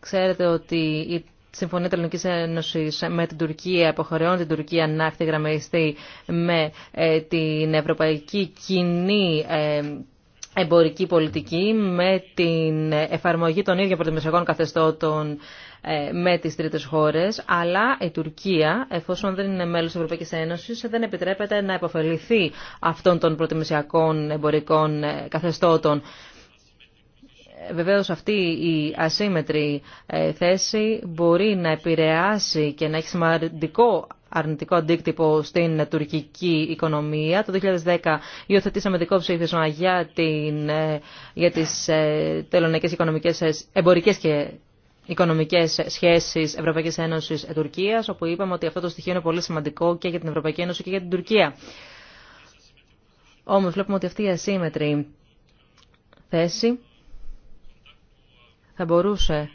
Ξέρετε ότι η Συμφωνία Τελωνική Ένωση με την Τουρκία υποχρεώνει την Τουρκία να ακτιγραμμιστεί με ε, την Ευρωπαϊκή Κοινή ε, Εμπορική Πολιτική, με την εφαρμογή των ίδιων προτιμησιακών καθεστώτων ε, με τις τρίτες χώρες, αλλά η Τουρκία, εφόσον δεν είναι μέλος της Ευρωπαϊκής Ένωσης, δεν επιτρέπεται να υποφεληθεί αυτών των προτιμησιακών εμπορικών καθεστώτων. Βεβαίως αυτή η ασύμετρη ε, θέση μπορεί να επηρεάσει και να έχει σημαντικό αρνητικό αντίκτυπο στην τουρκική οικονομία. Το 2010 υιοθετήσαμε δικό ψήφισμα για, την, ε, για τις ε, τελωνικές οικονομικές, εμπορικές και οικονομικέ σχέσει Ευρωπαϊκή Ένωση-Τουρκία, όπου είπαμε ότι αυτό το στοιχείο είναι πολύ σημαντικό και για την Ευρωπαϊκή Ένωση και για την Τουρκία. Όμω, βλέπουμε ότι αυτή η ασύμετρη θέση θα μπορούσε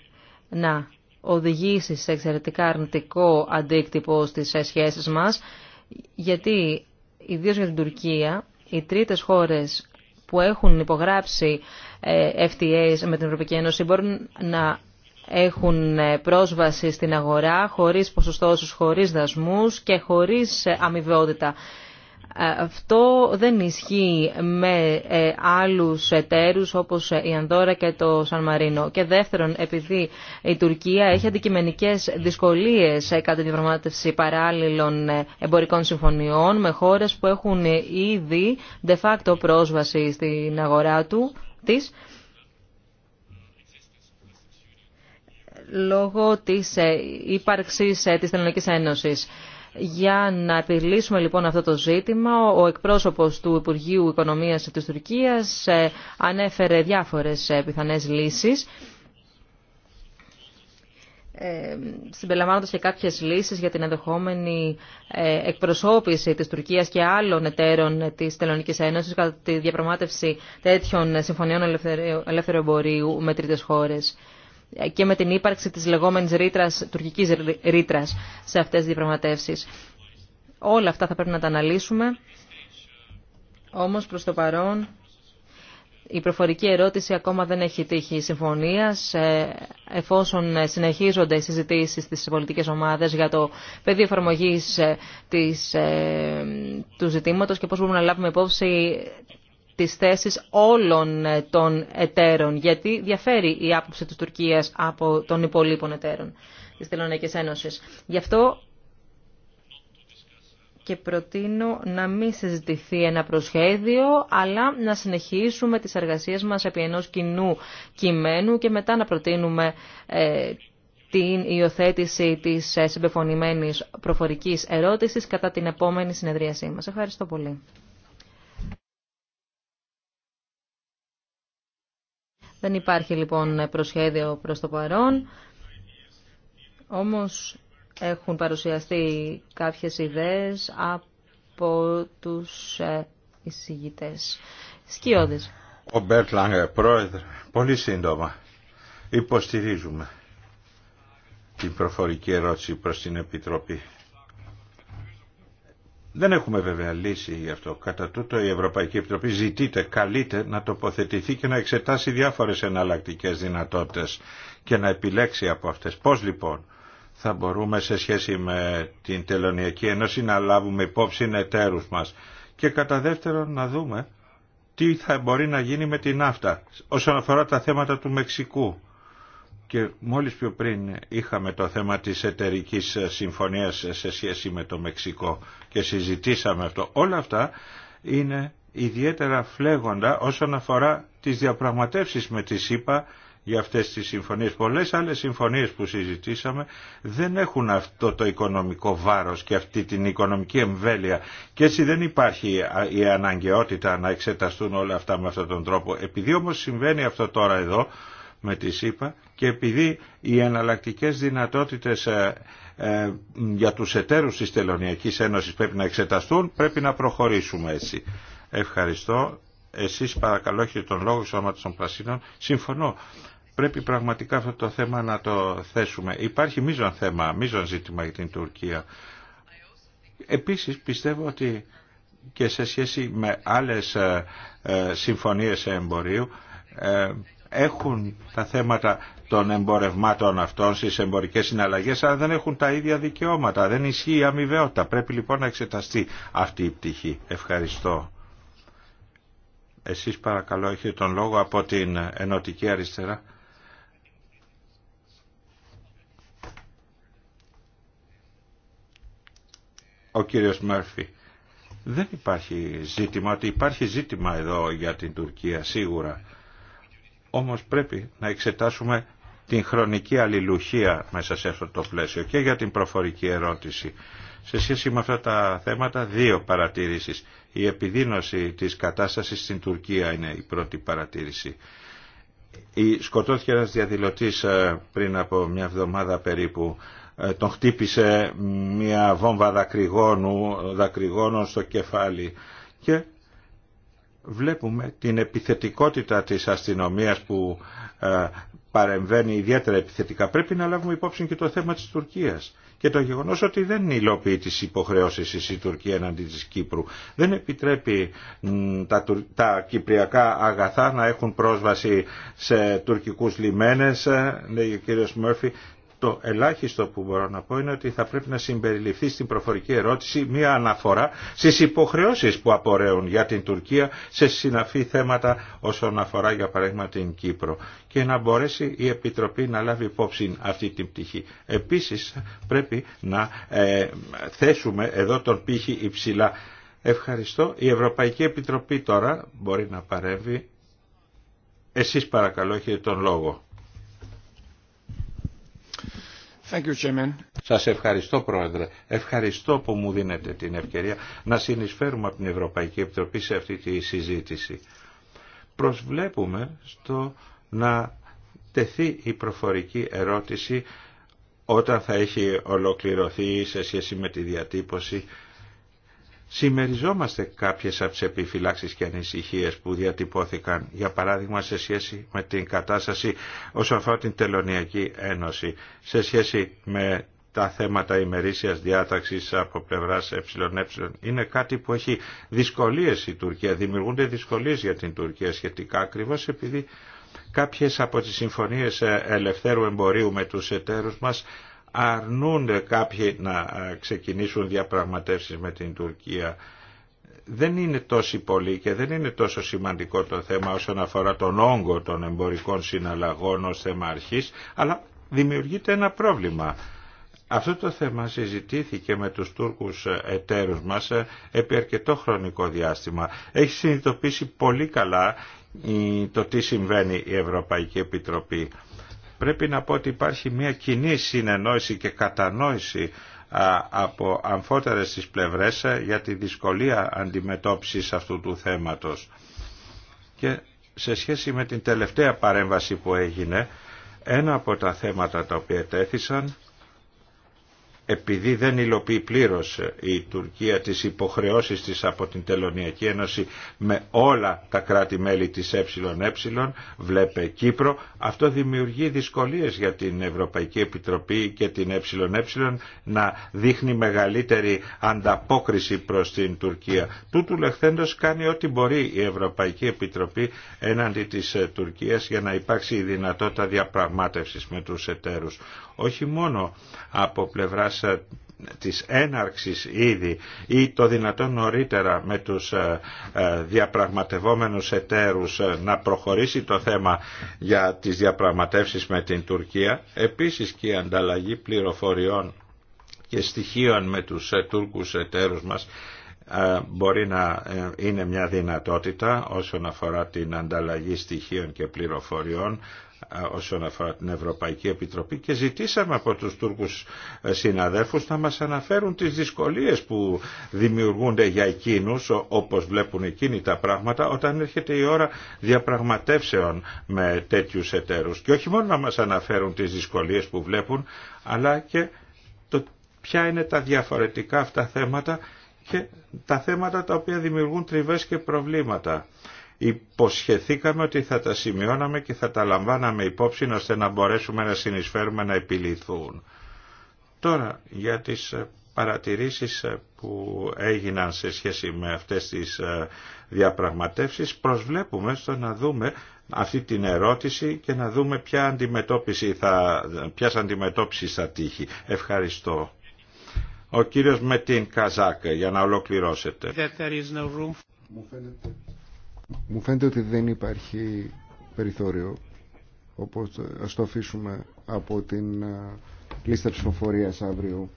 να οδηγήσει σε εξαιρετικά αρνητικό αντίκτυπο στις σχέσεις μας, γιατί ιδίως για την Τουρκία, οι τρίτες χώρες που έχουν υπογράψει ε, FTAs με την Ευρωπαϊκή Ένωση μπορούν να έχουν ε, πρόσβαση στην αγορά χωρίς ποσοστώσεις, χωρίς δασμούς και χωρίς ε, αμοιβαιότητα. Ε, αυτό δεν ισχύει με ε, άλλους εταίρους όπως ε, η Ανδόρα και το Σαν Μαρίνο. Και δεύτερον, επειδή η Τουρκία έχει αντικειμενικές δυσκολίες κατά τη διαπραγμάτευση παράλληλων εμπορικών συμφωνιών με χώρες που έχουν ήδη de facto πρόσβαση στην αγορά του, της, λόγω της ύπαρξης της Ελληνικής Ένωσης. Για να επιλύσουμε λοιπόν αυτό το ζήτημα, ο εκπρόσωπος του Υπουργείου Οικονομίας της Τουρκίας ε, ανέφερε διάφορες ε, πιθανές λύσεις ε, συμπεριλαμβάνοντα και κάποιε λύσει για την ενδεχόμενη εκπροσώπηση τη Τουρκία και άλλων εταίρων τη Τελωνική Ένωση κατά τη διαπραγμάτευση τέτοιων συμφωνιών ελεύθερου εμπορίου με τρίτε χώρε και με την ύπαρξη της λεγόμενης ρήτρας, τουρκικής ρήτρας σε αυτές τις διαπραγματεύσεις. Όλα αυτά θα πρέπει να τα αναλύσουμε. Όμως προς το παρόν η προφορική ερώτηση ακόμα δεν έχει τύχει συμφωνίας ε, εφόσον συνεχίζονται οι συζητήσεις στις πολιτικές ομάδες για το πεδίο εφαρμογή ε, ε, του ζητήματος και πώς μπορούμε να λάβουμε υπόψη τις θέσεις όλων των εταίρων, γιατί διαφέρει η άποψη της Τουρκίας από των υπολείπων εταίρων της Τελωνιακή Ένωσης. Γι' αυτό και προτείνω να μην συζητηθεί ένα προσχέδιο, αλλά να συνεχίσουμε τις εργασίες μας επί ενός κοινού κειμένου και μετά να προτείνουμε ε, την υιοθέτηση της ε, συμπεφωνημένης προφορικής ερώτησης κατά την επόμενη συνεδρίασή μας. Ευχαριστώ πολύ. Δεν υπάρχει λοιπόν προσχέδιο προς το παρόν, όμως έχουν παρουσιαστεί κάποιες ιδέες από τους ε, εισηγητές. Σκιώδης. Ο Μπέρτ Λάγκε, πρόεδρε, πολύ σύντομα, υποστηρίζουμε την προφορική ερώτηση προς την Επιτροπή δεν έχουμε βέβαια λύση γι' αυτό. Κατά τούτο η Ευρωπαϊκή Επιτροπή ζητείται, καλείται να τοποθετηθεί και να εξετάσει διάφορες εναλλακτικέ δυνατότητες και να επιλέξει από αυτές. Πώς λοιπόν θα μπορούμε σε σχέση με την Τελωνιακή Ένωση να λάβουμε υπόψη εταίρους μας και κατά δεύτερον να δούμε τι θα μπορεί να γίνει με την ναύτα όσον αφορά τα θέματα του Μεξικού και μόλις πιο πριν είχαμε το θέμα της εταιρική συμφωνίας σε σχέση με το Μεξικό και συζητήσαμε αυτό. Όλα αυτά είναι ιδιαίτερα φλέγοντα όσον αφορά τις διαπραγματεύσεις με τη ΣΥΠΑ για αυτές τις συμφωνίες. Πολλές άλλες συμφωνίες που συζητήσαμε δεν έχουν αυτό το οικονομικό βάρος και αυτή την οικονομική εμβέλεια και έτσι δεν υπάρχει η αναγκαιότητα να εξεταστούν όλα αυτά με αυτόν τον τρόπο. Επειδή όμως συμβαίνει αυτό τώρα εδώ, με τη ΣΥΠΑ και επειδή οι εναλλακτικέ δυνατότητες ε, ε, για τους εταίρους της Τελωνιακής Ένωσης πρέπει να εξεταστούν, πρέπει να προχωρήσουμε έτσι. Ευχαριστώ. Εσείς παρακαλώ έχετε τον λόγο σώματος των Πρασίνων. Συμφωνώ. Πρέπει πραγματικά αυτό το θέμα να το θέσουμε. Υπάρχει μείζον θέμα, μείζον ζήτημα για την Τουρκία. Επίσης πιστεύω ότι και σε σχέση με άλλες ε, συμφωνίες εμπορίου έχουν τα θέματα των εμπορευμάτων αυτών στις εμπορικές συναλλαγές αλλά δεν έχουν τα ίδια δικαιώματα, δεν ισχύει η αμοιβαιότητα. Πρέπει λοιπόν να εξεταστεί αυτή η πτυχή. Ευχαριστώ. Εσείς παρακαλώ έχετε τον λόγο από την Ενωτική Αριστερά. Ο κύριος Μέρφυ. Δεν υπάρχει ζήτημα, ότι υπάρχει ζήτημα εδώ για την Τουρκία σίγουρα όμως πρέπει να εξετάσουμε την χρονική αλληλουχία μέσα σε αυτό το πλαίσιο και για την προφορική ερώτηση. Σε σχέση με αυτά τα θέματα, δύο παρατηρήσεις. Η επιδείνωση της κατάστασης στην Τουρκία είναι η πρώτη παρατήρηση. Η σκοτώθηκε ένας διαδηλωτής ε, πριν από μια εβδομάδα περίπου. Ε, τον χτύπησε μια βόμβα δακρυγόνου, δακρυγόνων στο κεφάλι και βλέπουμε την επιθετικότητα της αστυνομίας που ε, παρεμβαίνει ιδιαίτερα επιθετικά. Πρέπει να λάβουμε υπόψη και το θέμα της Τουρκίας και το γεγονός ότι δεν υλοποιεί τις υποχρεώσεις η Τουρκία εναντί της Κύπρου. Δεν επιτρέπει τα, τα κυπριακά αγαθά να έχουν πρόσβαση σε τουρκικούς λιμένες, ε, λέει ο κύριος Μέρφυ, το ελάχιστο που μπορώ να πω είναι ότι θα πρέπει να συμπεριληφθεί στην προφορική ερώτηση μία αναφορά στις υποχρεώσεις που απορρέουν για την Τουρκία σε συναφή θέματα όσον αφορά για παράδειγμα την Κύπρο και να μπορέσει η Επιτροπή να λάβει υπόψη αυτή την πτυχή. Επίσης πρέπει να ε, θέσουμε εδώ τον πύχη υψηλά. Ευχαριστώ. Η Ευρωπαϊκή Επιτροπή τώρα μπορεί να παρέμβει. Εσείς παρακαλώ έχετε τον λόγο. Thank you, Chairman. Σας ευχαριστώ Πρόεδρε. Ευχαριστώ που μου δίνετε την ευκαιρία να συνεισφέρουμε από την Ευρωπαϊκή Επιτροπή σε αυτή τη συζήτηση. Προσβλέπουμε στο να τεθεί η προφορική ερώτηση όταν θα έχει ολοκληρωθεί σε σχέση με τη διατύπωση Συμμεριζόμαστε κάποιες από τις επιφυλάξεις και ανησυχίες που διατυπώθηκαν, για παράδειγμα σε σχέση με την κατάσταση όσον αφορά την Τελωνιακή Ένωση, σε σχέση με τα θέματα ημερήσιας διάταξης από πλευράς ΕΕ. Είναι κάτι που έχει δυσκολίες η Τουρκία, δημιουργούνται δυσκολίες για την Τουρκία σχετικά ακριβώ επειδή κάποιες από τις συμφωνίες ε, ελευθέρου εμπορίου με τους εταίρους μας αρνούν κάποιοι να ε, ξεκινήσουν διαπραγματεύσεις με την Τουρκία. Δεν είναι τόσο πολύ και δεν είναι τόσο σημαντικό το θέμα όσον αφορά τον όγκο των εμπορικών συναλλαγών ως θέμα αρχής, αλλά δημιουργείται ένα πρόβλημα. Αυτό το θέμα συζητήθηκε με τους Τούρκους εταίρους μας ε, επί αρκετό χρονικό διάστημα. Έχει συνειδητοποιήσει πολύ καλά το τι συμβαίνει η Ευρωπαϊκή Επιτροπή πρέπει να πω ότι υπάρχει μια κοινή συνεννόηση και κατανόηση από αμφότερες τις πλευρές για τη δυσκολία αντιμετώπισης αυτού του θέματος. Και σε σχέση με την τελευταία παρέμβαση που έγινε, ένα από τα θέματα τα οποία τέθησαν επειδή δεν υλοποιεί πλήρως ε, η Τουρκία τις υποχρεώσεις της από την Τελωνιακή Ένωση με όλα τα κράτη-μέλη της ΕΕ, βλέπε Κύπρο, αυτό δημιουργεί δυσκολίες για την Ευρωπαϊκή Επιτροπή και την ΕΕ να δείχνει μεγαλύτερη ανταπόκριση προς την Τουρκία. Τούτου λεχθέντος κάνει ό,τι μπορεί η Ευρωπαϊκή Επιτροπή έναντι της Τουρκίας για να υπάρξει η δυνατότητα διαπραγμάτευσης με τους εταίρους. Όχι μόνο από πλευρά Τη ε, της έναρξης ήδη ή το δυνατόν νωρίτερα με τους ε, ε, διαπραγματευόμενους εταίρους να προχωρήσει το θέμα για τις διαπραγματεύσεις με την Τουρκία. Επίσης και η ανταλλαγή πληροφοριών και στοιχείων με τους Τούρκους εταίρους μας μπορεί να είναι μια δυνατότητα όσον αφορά την ανταλλαγή στοιχείων και πληροφοριών όσον αφορά την Ευρωπαϊκή Επιτροπή και ζητήσαμε από τους Τούρκους ε, συναδέλφους να μας αναφέρουν τις δυσκολίες που δημιουργούνται για εκείνους όπως βλέπουν εκείνοι τα πράγματα όταν έρχεται η ώρα διαπραγματεύσεων με τέτοιους εταίρους και όχι μόνο να μας αναφέρουν τις δυσκολίες που βλέπουν αλλά και το ποια είναι τα διαφορετικά αυτά θέματα και τα θέματα τα οποία δημιουργούν τριβές και προβλήματα υποσχεθήκαμε ότι θα τα σημειώναμε και θα τα λαμβάναμε υπόψη ώστε να μπορέσουμε να συνεισφέρουμε να επιληθούν. Τώρα για τις ε, παρατηρήσεις ε, που έγιναν σε σχέση με αυτές τις ε, διαπραγματεύσεις προσβλέπουμε στο να δούμε αυτή την ερώτηση και να δούμε ποια αντιμετώπιση θα, ποιας αντιμετώπιση θα τύχει. Ευχαριστώ. Ο κύριος Μετίν Καζάκ για να ολοκληρώσετε. Μου φαίνεται ότι δεν υπάρχει περιθώριο όπως ας το αφήσουμε από την ε, λίστα ψηφοφορίας αύριο.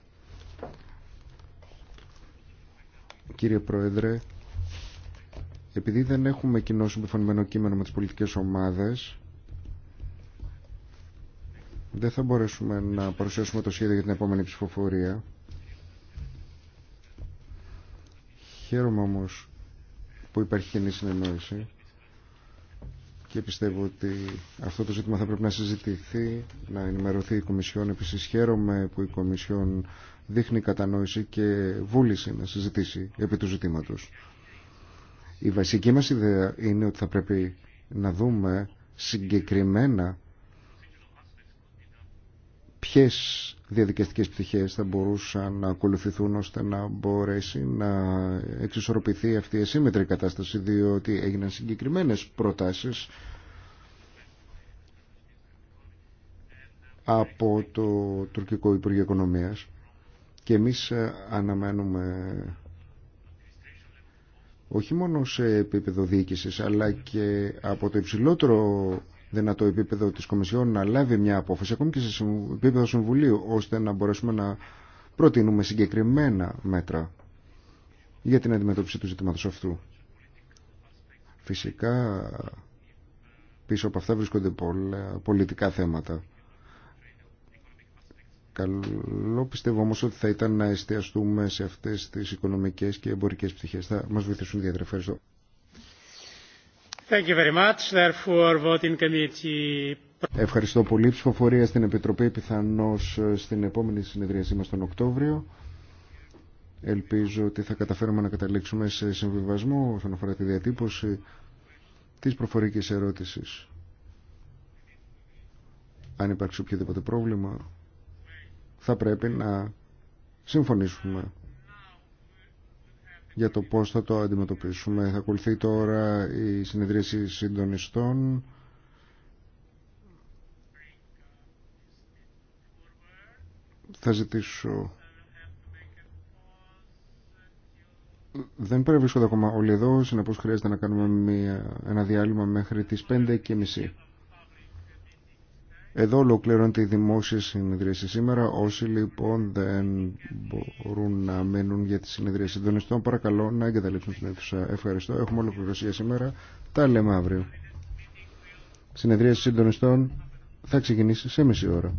Κύριε Πρόεδρε, επειδή δεν έχουμε κοινό συμπεφωνημένο κείμενο με τις πολιτικές ομάδες, δεν θα μπορέσουμε να παρουσιάσουμε το σχέδιο για την επόμενη ψηφοφορία. Χαίρομαι όμως που υπάρχει κοινή συνεννόηση και πιστεύω ότι αυτό το ζήτημα θα πρέπει να συζητηθεί, να ενημερωθεί η Κομισιόν. Επίση, χαίρομαι που η Κομισιόν δείχνει κατανόηση και βούληση να συζητήσει επί του ζητήματο. Η βασική μα ιδέα είναι ότι θα πρέπει να δούμε συγκεκριμένα ποιες διαδικαστικές πτυχές θα μπορούσαν να ακολουθηθούν ώστε να μπορέσει να εξισορροπηθεί αυτή η ασύμμετρη κατάσταση διότι έγιναν συγκεκριμένες προτάσεις από το τουρκικό Υπουργείο Οικονομίας και εμείς ε, αναμένουμε όχι μόνο σε επίπεδο διοίκησης αλλά και από το υψηλότερο δυνατό επίπεδο της Κομισιόν να λάβει μια απόφαση ακόμη και σε επίπεδο Συμβουλίου ώστε να μπορέσουμε να προτείνουμε συγκεκριμένα μέτρα για την αντιμετώπιση του ζητήματος αυτού. Φυσικά πίσω από αυτά βρίσκονται πολλά πολιτικά θέματα. Καλό πιστεύω όμως ότι θα ήταν να εστιαστούμε σε αυτές τις οικονομικές και εμπορικές πτυχές. Θα μας βοηθήσουν ιδιαίτερα. Ευχαριστώ. Ευχαριστώ πολύ. Ψηφοφορία στην Επιτροπή πιθανώς ε, στην επόμενη συνεδρίασή μας τον Οκτώβριο. Ελπίζω ότι θα καταφέρουμε να καταλήξουμε σε συμβιβασμό όσον αφορά τη διατύπωση της προφορικής ερώτησης. Αν υπάρξει οποιοδήποτε πρόβλημα, θα πρέπει να συμφωνήσουμε για το πώς θα το αντιμετωπίσουμε. Θα ακολουθεί τώρα η συνεδρίαση συντονιστών. Θα ζητήσω... Δεν παρευρίσκονται ακόμα όλοι εδώ, συνεπώς χρειάζεται να κάνουμε μια, ένα διάλειμμα μέχρι τις 5.30. Εδώ ολοκληρώνεται η δημόσια συνεδρίαση σήμερα. Όσοι λοιπόν δεν μπορούν να μείνουν για τη συνεδρίαση συντονιστών, παρακαλώ να εγκαταλείψουν την αίθουσα. Ευχαριστώ. Έχουμε ολοκληρωσία σήμερα. Τα λέμε αύριο. Συνεδρία συντονιστών θα ξεκινήσει σε μισή ώρα.